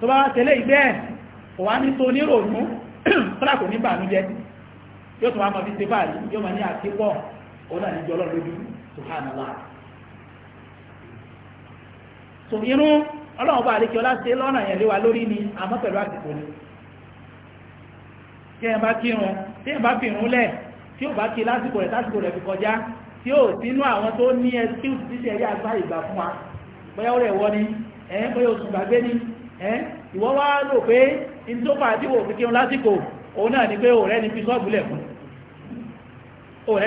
tó bá tẹ̀lé ìgbẹ́ òwá ní tó nírònú kọ́lá kò subhanallah so irun ọlọ́run bá àlékí ọlá ṣe lọ́nà yẹn lé lórí ni àmọ́ pẹ̀lú àsìkò ni tí ẹ bá kírun tí ẹ bá fi irun lẹ̀ tí ó bá kí lásìkò rẹ̀ lásìkò rẹ̀ fi kọjá tí ó sínú àwọn tó ní excuse ti ṣe ẹ̀rí àgbá ìgbà fún wa bóyá ó rẹ̀ wọ́ ni ẹ̀ bóyá oṣù gbàgbé ni ẹ̀ ìwọ́ wá rò pé ní tó fà á tí ni pé òun rẹ̀ ni fi sọ́ọ̀bù lẹ̀ fún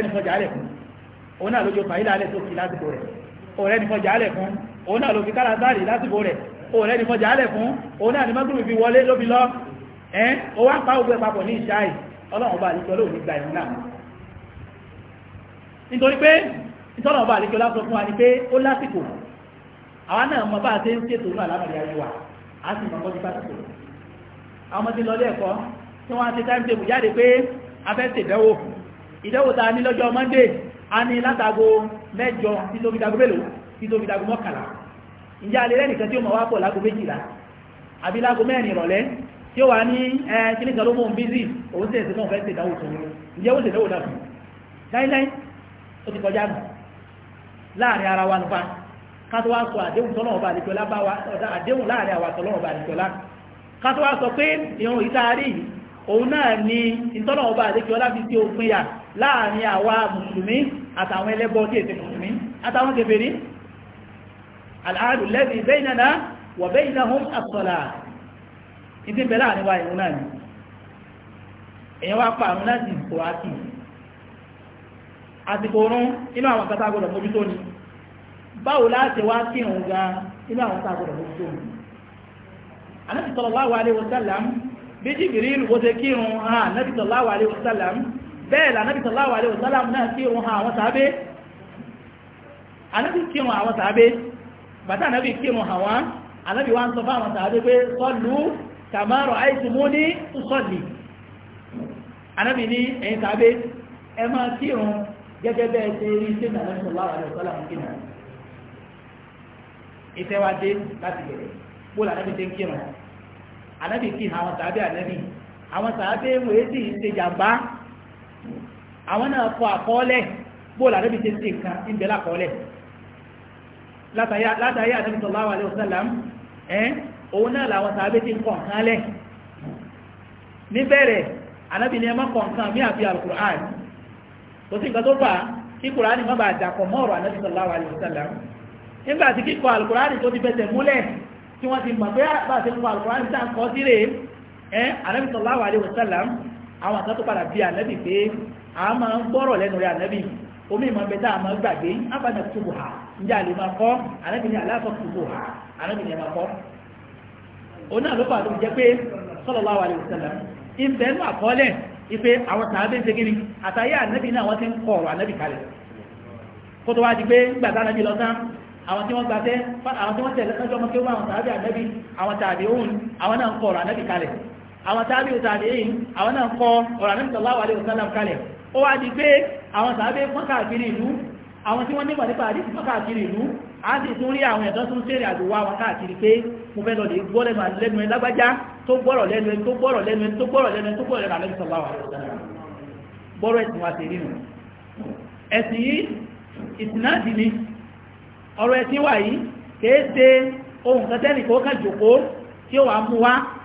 ni sọ́jà òun náà ló jọ fàyílà alẹ́ tó kì lásìkò rẹ̀ ọ̀rẹ́ nìkan jàálẹ̀ fún òun náà ló fi kára sáàrì lásìkò rẹ̀ ọ̀rẹ́ nìkan jàálẹ̀ fún òun náà ni mọ́gùrù fi wọlé ló fi lọ ẹ́n ó wá pa ogun ẹ̀pàpọ̀ ní ìṣáì ọlọ́run bá àlejò lóòrùn gba ìrún náà nítorí pé ìtọ́nà bá àlejò lásọ fún wa ni pé ó lásìkò àwa náà mọ bá a ṣe ń ṣètò náà lánàá ìyá wa a sì mọ mọ́jú pásítọ̀ àwọn ọmọdé lọ lẹ́ẹ̀kọ́ tí wọ́n á ti táìmù tèbù jáde pé a fẹ́ ta ní lọ́jọ́ Monday a ní látago mẹ́jọ títóbi dago mélòó títóbi dago mọ́kànlá ìjà alẹ́ lẹ́nìkan tí ó mọ̀ wá pọ̀ lágo méjìlá àbí lágo mẹ́rin ìrọ̀lẹ́ tí ó wà ní ẹ kíní kan ló mú un bízì òun sì ẹ̀sìn náà fẹ́ ṣe ìdáwó tó ń lò ìjẹ́ ó sì dáwó ni ìtọ́lọ́ ọba àdìjọlá fi sí láàrin àwa mùsùlùmí àtàwọn ẹlẹ́bọ tí èsì mùsùlùmí àtàwọn kèfèrí al-ahdu alladhi baynana wa baynahum as-salah ìdí bẹ láàrin wa ìrun náà ni èyàn wá pa àrùn náà sì kò inú àwọn kátà gbọdọ̀ mójútó ni báwo láti wá kí òun ga inú àwọn kátà gbọdọ̀ mójútó ni anábì sallallahu alaihi wasallam bí jìbìrí ìlú bó kírun hàn anábì sallallahu alaihi bẹ́ẹ̀ lànàbì sallallahu alaihi wasallam náà kírun àwọn sàábé anábì kírun àwọn sàábé bàtà anábì kírun àwọn anábì wá ń sọ fáwọn sàábé pé sọ́lù kama ra'aytumuni usalli anábì ní ẹ̀yin sàábé ẹ máa kírun gẹ́gẹ́ bẹ́ẹ̀ ṣe rí sí nàbì sallallahu alaihi wasallam kírun ìfẹ́wádé láti bẹ̀rẹ̀ bóòlù anábì ṣe àwọn náà kọ àkọọ́lẹ̀ bóòlù àdébí ti ṣe nǹkan ń bẹ lákọọ́lẹ̀ látàrí àdébí sallallahu alaihi wasallam ẹ́ òun náà làwọn sàábé ti ń kọ̀ nǹkan lẹ̀ níbẹ̀rẹ̀ ànábì ni ẹ má kọ̀ nǹkan mí àfi alukur'an kò sí nǹkan tó fà kí kur'an má bàa dàpọ̀ mọ́ ọ̀rọ̀ ànábì sallallahu alaihi wasallam nígbà tí kíkọ alukur'an tó ti fẹsẹ̀ tí wọ́n ti mọ̀ pé bá a ti ń kọ alukur'an tá ń kọ́ sí rèé ẹ́ ànábì sallallahu alaihi wasallam àwọn àtàtò padà bí ànábì pé a máa ń gbọ́rọ̀ lẹ́nu rẹ̀ ànábì omi ìmọ̀ bẹ́tà àmọ́ gbàgbé ábàdà kúbù ha ǹjẹ́ àlè máa kọ́ ànábì ní aláàfọ̀ kúbù ha ànábì ní ẹ̀ máa kọ́ òun náà ló fà tó jẹ́ pé sallallahu alaihi wasallam ìbẹ̀rù àkọọ́lẹ̀ ipe àwọn tàbí ṣe gíní àtàyé ànábì náà wọ́n ti ń kọ̀ọ̀rọ̀ ànábì kalẹ̀ kó tó wá di pé gbàtà ànábì lọ́sán àwọn tí wọ́n gbàtẹ́ àwọn tí wọ́n tẹ̀lé lọ́jọ́ mọ́ kí wọ́n àwọn tàbí ànábì àwọn tàbí òun àwọn náà ń kọ̀ọ̀rọ̀ ànábì kalẹ̀ àwọn tàbí ìtàdéyìn àwọn náà kọ ọ̀rọ̀ Ànábì sallallahu alaihi wasallam kalẹ̀ ó wá di pé àwọn tàbí fọ́nkàkiri ìlú àwọn tí wọ́n nígbà nípa àdíkì fọ́nkàkiri ìlú a sì tún rí àwọn ẹ̀tọ́ tún sẹ́rẹ̀ àdúwà wọn káàkiri pé mo fẹ́ lọ lè gbọ́ lẹ́nu ẹ lágbájá tó gbọ́rọ̀ lẹ́nu ẹ tó gbọ́rọ̀ lẹ́nu ẹ tó gbọ́rọ̀ wa tèrí nù ẹ̀sìn yìí ìsìnáàdì ni ọ̀rọ̀ ẹ̀sìn wà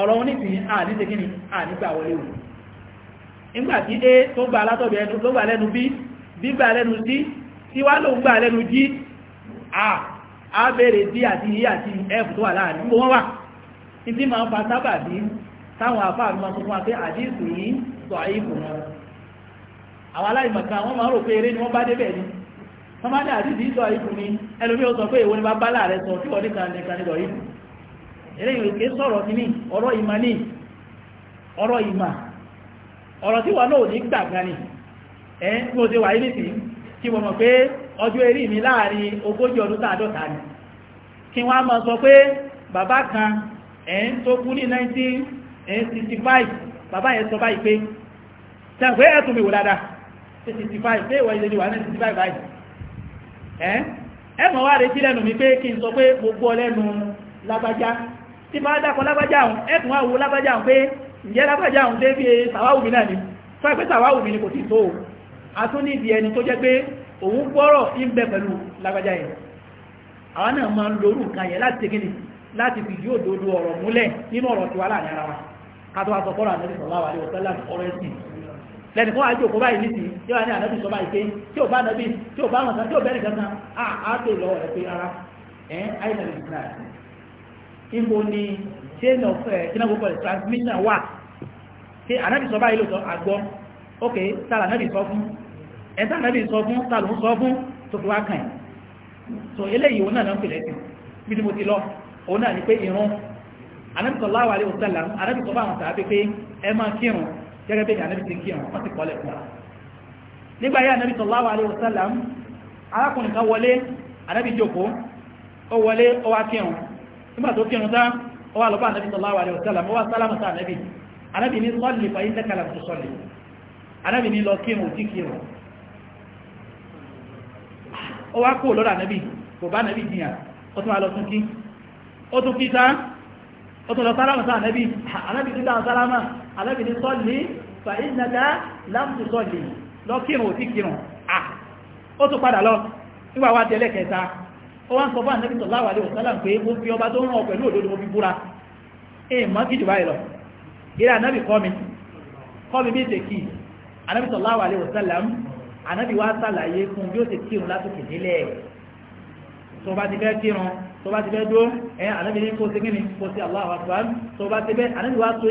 ọ̀rọ̀ wọn nìsìn àdíṣe kíni àdígbà wọlé wù nígbà tí a tó gbà látọ̀dọ̀ ẹnu ló gbà lẹ́nu b b gbà lẹ́nu c tí wá ló ń gbà lẹ́nu d a a béèrè d àti e àti f tó wà láàrin gbogbo wọn wà ní tí máa ń fa sábà bí táwọn àfáà mi máa sọ fún wa pé àdíṣe yìí sọ ayé fún wọn àwọn aláìmọ̀kan wọ́n máa rò pé eré ni wọ́n bá débẹ̀ ni wọ́n máa dà àdíṣe sọ ayé fún ni ẹlòmí ó sọ pé èwo ni bá bá láàrẹ sọ tí wọ́n nìkan nìkan nìkan nìkan ere òkè ike sí ní ọ̀rọ̀ ìmà ní ọ̀rọ̀ ìmà ọ̀rọ̀ tí wọ́n náà ní gbàgbà ní ẹ́ tí ti wà ní sí kí wọ́n mi láàrin ogójì ọdún tààdọ́ta ni kí wọ́n mọ̀ sọ pé bàbá kan ẹ̀ tó kú ní 1965 bàbá yẹn sọ báyìí pé ẹ̀tùn mi wò dáadáa 65 pé ìwọ̀ lágbájá tí máa dákọ lágbájá àwọn ẹ̀tùn wá wo lágbájá àwọn pé ǹjẹ́ sàwáwùmí náà ni tó ẹgbẹ́ sàwáwùmí ni kò sí tó a tún ní ìdí ẹni tó jẹ́ pé òun gbọ́rọ̀ ń bẹ pẹ̀lú lágbájá yẹn àwọn náà máa ń lorú nǹkan yẹn láti tegini láti fi yóò dodo ọ̀rọ̀ múlẹ̀ nínú ọ̀rọ̀ láàrin ara wa ibo ni chain of kinagbogbo uh, eh, transmission wà tí anábì sọ báyìí lóòtọ́ àgbọ́ ok tààrà anábì sọ fún ẹ̀ntà anábì sọ fún tààrà ń sọ fún tó fi wá kàn ẹ̀ so eléyìí òun náà náà pèlẹ̀ sí bí ni mo ti lọ òun náà ni pé irun anábì sọ láwà lè òtẹ́lá anábì sọ bá àwọn tàbí pé ẹ máa kírun gẹ́gẹ́ bí anábì ti kírun wọ́n ti kọ́lẹ̀ fún wa nígbà yá anábì sọ láwà lè òtẹ́lá arákùnrin kan wọlé anábì jókòó ó wọlé ó wá kírun nígbà tó kírun tán ó wà lọ́pàá ànábì sallallahu alaihi wasallam ó wà sálámà sí ànábì ànábì ní sọ́ọ̀lì fa innaka lam tusalli ànábì ní lọ kírun òtí kírun ó wá kó lọ́dọ̀ ànábì kò bá ànábì jiyàn ó tún wá tún kí ó tún kí tán ó tún lọ sálámà sí ànábì ní dáhùn sálámà ànábì ní sọ́ọ̀lì fa innaka lam lọ kírun òtí kírun ó ó wá ń sọ fún ànábì sallallahu alaihi wasallam pé mo fi ọba tó ń rán ọ pẹ̀lú òdodo mo fi búra ẹ̀ mọ́ kí jù báyìí lọ ìrẹ́ ànábì kọ́ mi kọ́ mi bí ètè kì í ànábì sallallahu alaihi wasallam ànábì wá sàlàyé fún bí ó ti kírun lásìkò nílẹ̀ tó bá ti fẹ́ kírun tó bá ti fẹ́ dó ẹ ànábì ní kó segin ní kó sí Allahu akbar tó bá ti fẹ́ ànábì wá sọ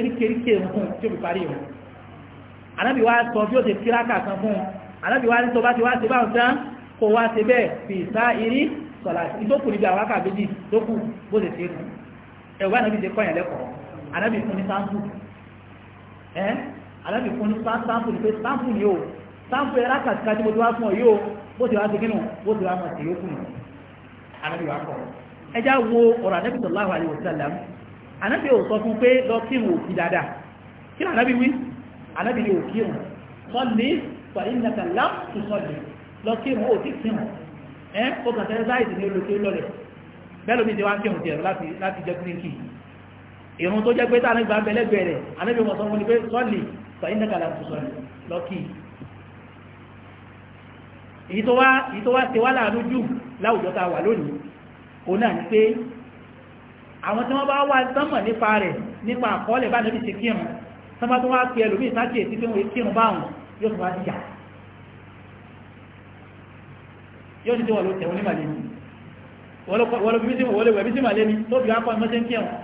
bí ó ti kíráka kan fún ànábì wá ní tó bá ti wá ti báwọn tán kó wá ti bẹ́ẹ̀ fi sáà irí sọ̀lá ìtókù níbi àwọn aká méjì lókù bó ṣe ṣe fún ẹ̀wọ́ ànábì ṣe kọ́yàn lẹ́kọ̀ọ́ ànábì fún ní sáńpù ẹ́ ànábì fún ní sáńpù ní pé sáńpù ni o sáńpù ẹ̀rá kàtíkà tí mo ti wá fún ọ yóò bó ṣe wá ṣe kínú bó ṣe wá mọ̀ sí yókù nù ànábì wá kọ̀ ẹ já wo ọ̀rọ̀ ànábì sallallahu alaihi wasallam ànábì ò sọ fún pé lọ kí n ò fi dáadáa kí ànábì wí ànábì ni ò kí n sọ́ọ̀lì fa innaka lam tusalli lọ kí n ò ẹ́ ó kàn tẹ́lẹ̀ sáìsì ní olókè lọ́lẹ̀ bẹ́lú mi ti wá ń kírun tiẹ̀ láti jẹ́ kíríkì ìrun tó jẹ́ pé táà nígbà bẹ́lẹ́gbẹ̀ẹ́ rẹ̀ anábì wọn sọ wọn ni pé sọ́ọ̀lì fàyíndàkàlà tó sọ lọ́kì èyí tó wá ti wá láàánú jù láwùjọ ta wà lónìí òun náà ni pé àwọn tí wọ́n bá wá sánmọ̀ nípa rẹ̀ nípa àkọọ́lẹ̀ bá níbi ti kírun sánmọ̀ tó wá pe ẹlòmíì sákìyèsí pé wọ́n kírun báwọn yóò tún wá dìjà yóò ti tó wà ló tẹ̀wọ́n ní màlẹ́ ni wọ́n lè wẹ̀bí sí màlẹ́ ni tó bí wọ́n kọ́ ẹmọ́ sí ń kí ẹ̀wọ̀n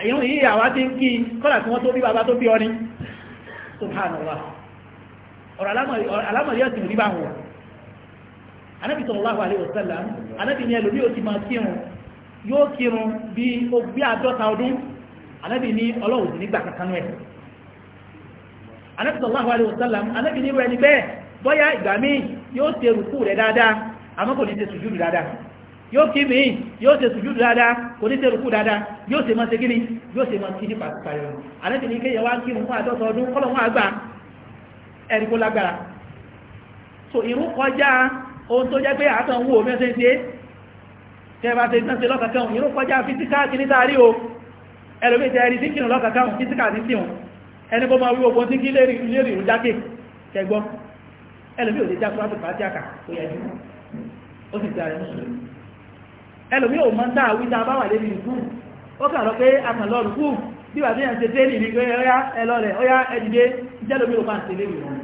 èyàn yìí àwa ti ń kí kọ́là tí wọ́n tó bí bàbá tó bí ọrin tó bá nà wà ọ̀rọ̀ alámọ̀lẹ́ ọ̀sìn rí bá wọn anábì sallallahu alaihi wasallam anábì ni ẹlòmí ò ti máa kírun yóò kírun bí ó gbé àádọ́ta ọdún anábì ní ọlọ́run ẹ̀ anábì sallallahu ní ìwẹ̀ ni bọ́yá ìgbà yóò ṣe rùkú rẹ̀ dáadáa àmọ́ kò ní ṣe sùjúdù dáadáa yóò kí mi yóò ṣe sùjúdù dáadáa kò ní ṣe rùkú dáadáa yóò ṣe máa ṣe gíní yóò ṣe máa kí ní pàṣípàyọ àlẹ́bí ní kéyẹ wá kí fún àdọ́sọ ọdún kọ́lọ̀ wọn àgbà ẹni kó lágbára so irú kọjá ohun tó jẹ́ pé àtàn wo mẹ́sẹ̀ ṣe tẹ́ẹ̀bá ṣe tán ṣe lọ́kàkàn irú kọjá físíkà kìíní sáárí o ẹlòmí tẹ́ ẹni tí kìíní lọ́kàkàn físíkà ní sí wọn ẹni bó máa wí ogun tí kí lè rí ìrú jákè tẹ́gbọ́n ẹlòmí ò lè já fún àtùpá tí àkà ó yẹ jù ó sì dára mùsùlùmí ẹlòmí ò mọ́ táà wí táà bá wà lébi ìkú ó kà lọ pé akànlọ́rù kú bí wà bíyàn ṣe tẹ́lì ní pé ọyá ẹlọ rẹ̀ ọyá ẹdìdé iṣẹ́ lómi ò bá ń tẹ̀lé ìrùn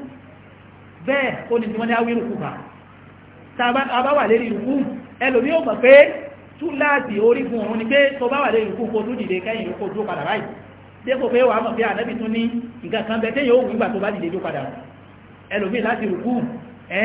bẹ́ẹ̀ ó ní tí wọ́n ní awírù kù bá táà bá wà lébi ìkú ẹlòmí ò mọ̀ pé tú láti orígun òun ni pé tó bá wà lébi ìkú kó tún dìde kẹ́yìn kó dúró padà báyìí dépò pé wàá mọ̀ pé rùkú ẹ́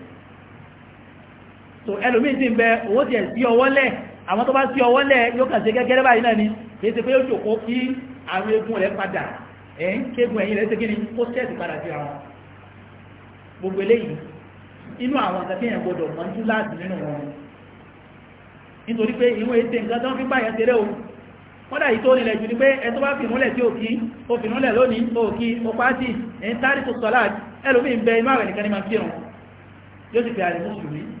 so ẹlòmíì ti ń bẹ owó tiẹ̀ sí ọwọ́ lẹ̀ àwọn tó bá sí ọwọ́ lẹ̀ yóò kàn ṣe gẹ́gẹ́rẹ́ báyìí náà ni kìí ṣe pé yóò jòkó kí àwọn egun rẹ̀ padà ẹ̀ ń kégun ẹ̀yìn rẹ̀ ṣe kí ni ó ṣẹ́ẹ̀sì padà sí àwọn gbogbo eléyìí inú àwọn akẹ́kẹ́yàn gbọdọ̀ mọ́jú láti nínú wọn nítorí pé ìwọ̀n ètè nǹkan tó ń fi báyẹ̀ tẹ́rẹ o wọ́n dà yìí tó nílẹ̀ jù ní pé ẹ̀tọ́ bá fi múlẹ̀ tí ó kí ó fi múlẹ̀ lónìí ó kí ó pàtí ẹ̀yìn tàrí tó sọ́lá ẹlòmí ń bẹ inú àwẹ̀ nìkan ní máa fi ẹ̀rùn yóò sì fi àrẹ̀ mú sùúrù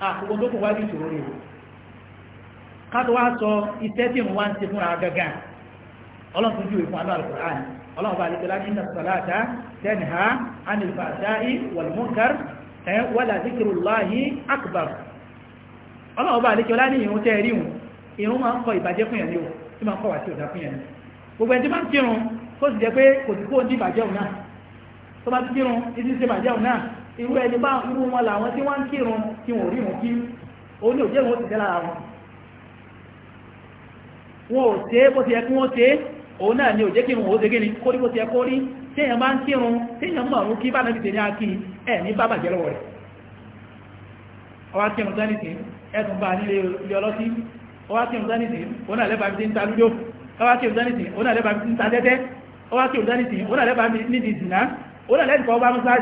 àkókò ah, tó kò wá ní ìṣòro rẹ̀ káàtó wá sọ iṣẹ́ tí wọ́n wá ń ṣe fúnra gangan ọlọ́run tó júwe fún aná alukur'an ọlọ́run bá alẹ́kẹ́ láti iná sọ̀láta tẹ́nìhá anìlfàṣáì wàlmúkar ẹ̀ wàlá zikirullahi akbar ọlọ́run bá alẹ́kẹ́ láti tẹ́ irú ẹni bá irú wọn làwọn tí wọ́n ń kírun tí wọ́n rí wọn kí ó ní òjẹ́ wọn ti tẹ́ lára wọn wọn ò tẹ́ bó ti yẹ kí wọ́n tẹ́ òun náà ni òjẹ́ kírun ó segé ni kó rí bó ti yẹ kó rí téèyàn bá ń kírun téèyàn mọ̀ ọ̀run kí bá ti tẹ̀ ní akí ẹ̀ bá bàjẹ́ lọ́wọ́ rẹ̀ ọwá kírun tánìtì ẹ̀tùn bá nílé ilé ọlọ́sí ọwá kírun tánìtì òun náà lẹ́bàá fi ń ta lúdó ọwá kírun tánìtì òun náà lẹ́bàá fi ń ta tẹ́tẹ́ ọwá kírun tánìtì òun náà lẹ́bàá fi ní ìdìnnà òun náà lẹ́bàá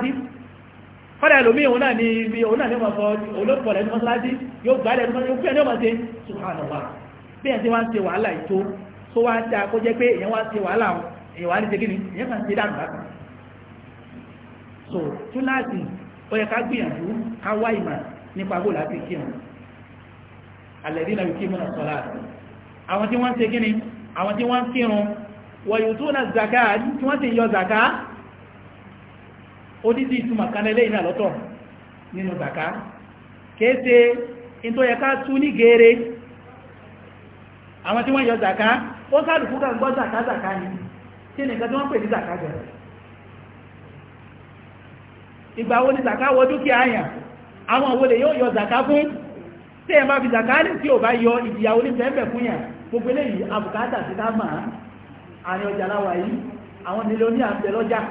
fọ́dà ẹlòmí òun náà ní ibi òun náà ní ọmọ sọ olóòpọ̀ rẹ̀ ní mọ́sálásí yóò gbá ẹ̀rẹ́ ní ọkùnrin ọmọ ṣe ṣùgbọ́nàwà bí ẹ̀ tí wá ń ṣe wàhálà ìtó tó wá ń ta kó jẹ́ pé èèyàn wá ṣe wàhálà so túláàsì ó yẹ ká gbìyànjú ká wá ìmọ̀ nípa bó láti kí wọn alẹ́dí náà kí mọ́nà sọ́lá àwọn tí wọ́n ń ṣe kíni àwọn tí wọ́n ń kírun wọ̀nyí odidi ìtumọ̀ kan lẹ́lẹ́ ìrìn àlọ́tọ̀ nínú zaka kéèsè in tó yẹ ká tú ní gẹ́ẹ̀rẹ́ àwọn tí wọ́n yọ zaka ó sàdùkú ká gbọ́ zaka zaka ni tí nìkan tí wọ́n pè ní zaka gẹ̀rẹ́ ìgbà wo ni zaka wọ dúkìá yàn àwọn òwò lè yóò yọ zaka fún tí ẹ̀ bá fi zaka lè tí ò bá yọ ìdíyàwó ní àwọn nílò ní àbẹ̀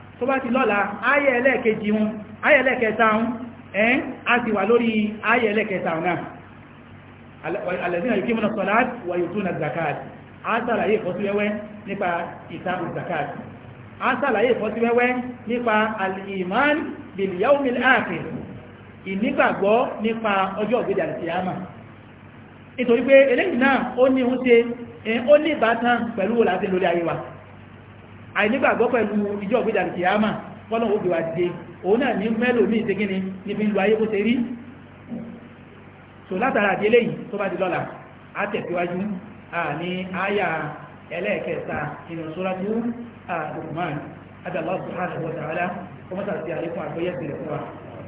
tó bá ti lọ́la ayẹ́ ẹlẹ́ẹ̀kejì hun ayẹ́ ẹlẹ́ẹ̀kẹta hun ẹ́n a ti wà lórí ayẹ́ ẹlẹ́ẹ̀kẹta hun náà alẹ́sìn àyíkí mọ́nà sọ́láàt wà yóò tún na zakat a sàlàyé ìfọ́síwẹ́wẹ́ nípa ìtàkùn zakat a sàlàyé ìfọ́síwẹ́wẹ́ nípa al-iman bil yawmil akhir ìnígbàgbọ́ nípa ọjọ́ ògbédà al-qiyamah nítorí pé eléyìí náà ó ní ìhúnṣe ó ní ìbátan pẹ̀lú wò lórí ayé wa àìnígbàgbọ́ pẹ̀lú ìjọ ògbéjà lè kìyàmà fọ́nà ó gbèwà dìde òun náà ní mẹ́lò míì ṣe kíni ní fi ń lo ayé bó ṣe rí so látara àti eléyìí tó bá di lọ́la á tẹ̀síwájú ní àyà ẹlẹ́ẹ̀kẹta nínú sóràtú Luqman abẹ́lá subhanahu wa ta'ala kọ́mọ́tà sí àlékún àgbéyẹ̀sì rẹ̀ fún wa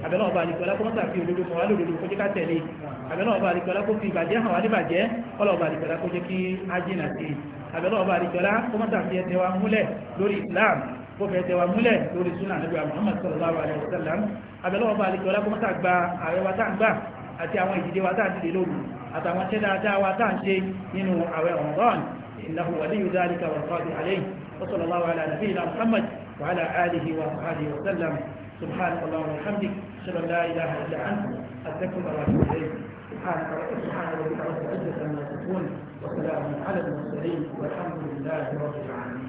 àbẹ̀lá ọba àdìgbọ́lá kó mọ́ta fi olódó kan wá lòdòdó kó jẹ́ ká tẹ̀lé àbẹ̀lá ọba àdìgbọ́lá kó fi ìbàjẹ́ hàn wá níbàjẹ́ ọlọ́ọ̀ba àdìgbọ́lá kó jẹ́ kí á jìnà sí i àbẹ̀lọ́ ọba àríjọlá kó mọ́ta fi ẹ̀tẹ̀ wa múlẹ̀ lórí islam kó fi ẹ̀tẹ̀ wa múlẹ̀ lórí súnà níbi Muhammad sallallahu alaihi wasallam àbẹ̀lọ́ ọba àríjọlá kó mọ́ta gba ààrẹ wa tá ń gbà àti àwọn ìdílé wa tá ń dìde lóru àtàwọn tẹ́lẹ̀ ajá wa tá ń ṣe nínú àwẹ̀ Ramadan innahu waliyyu dhalika wal qadir alayhi wa sallallahu ala nabiyyina Muhammad wa ala alihi wa sahbihi wa sallam subhanaka allahumma wa bihamdika ashhadu an la ilaha illa anta astaghfiruka wa atubu ilayk سبحانك ربك سبحان ربك رب العزة عما يصفون وسلام على المرسلين والحمد لله رب العالمين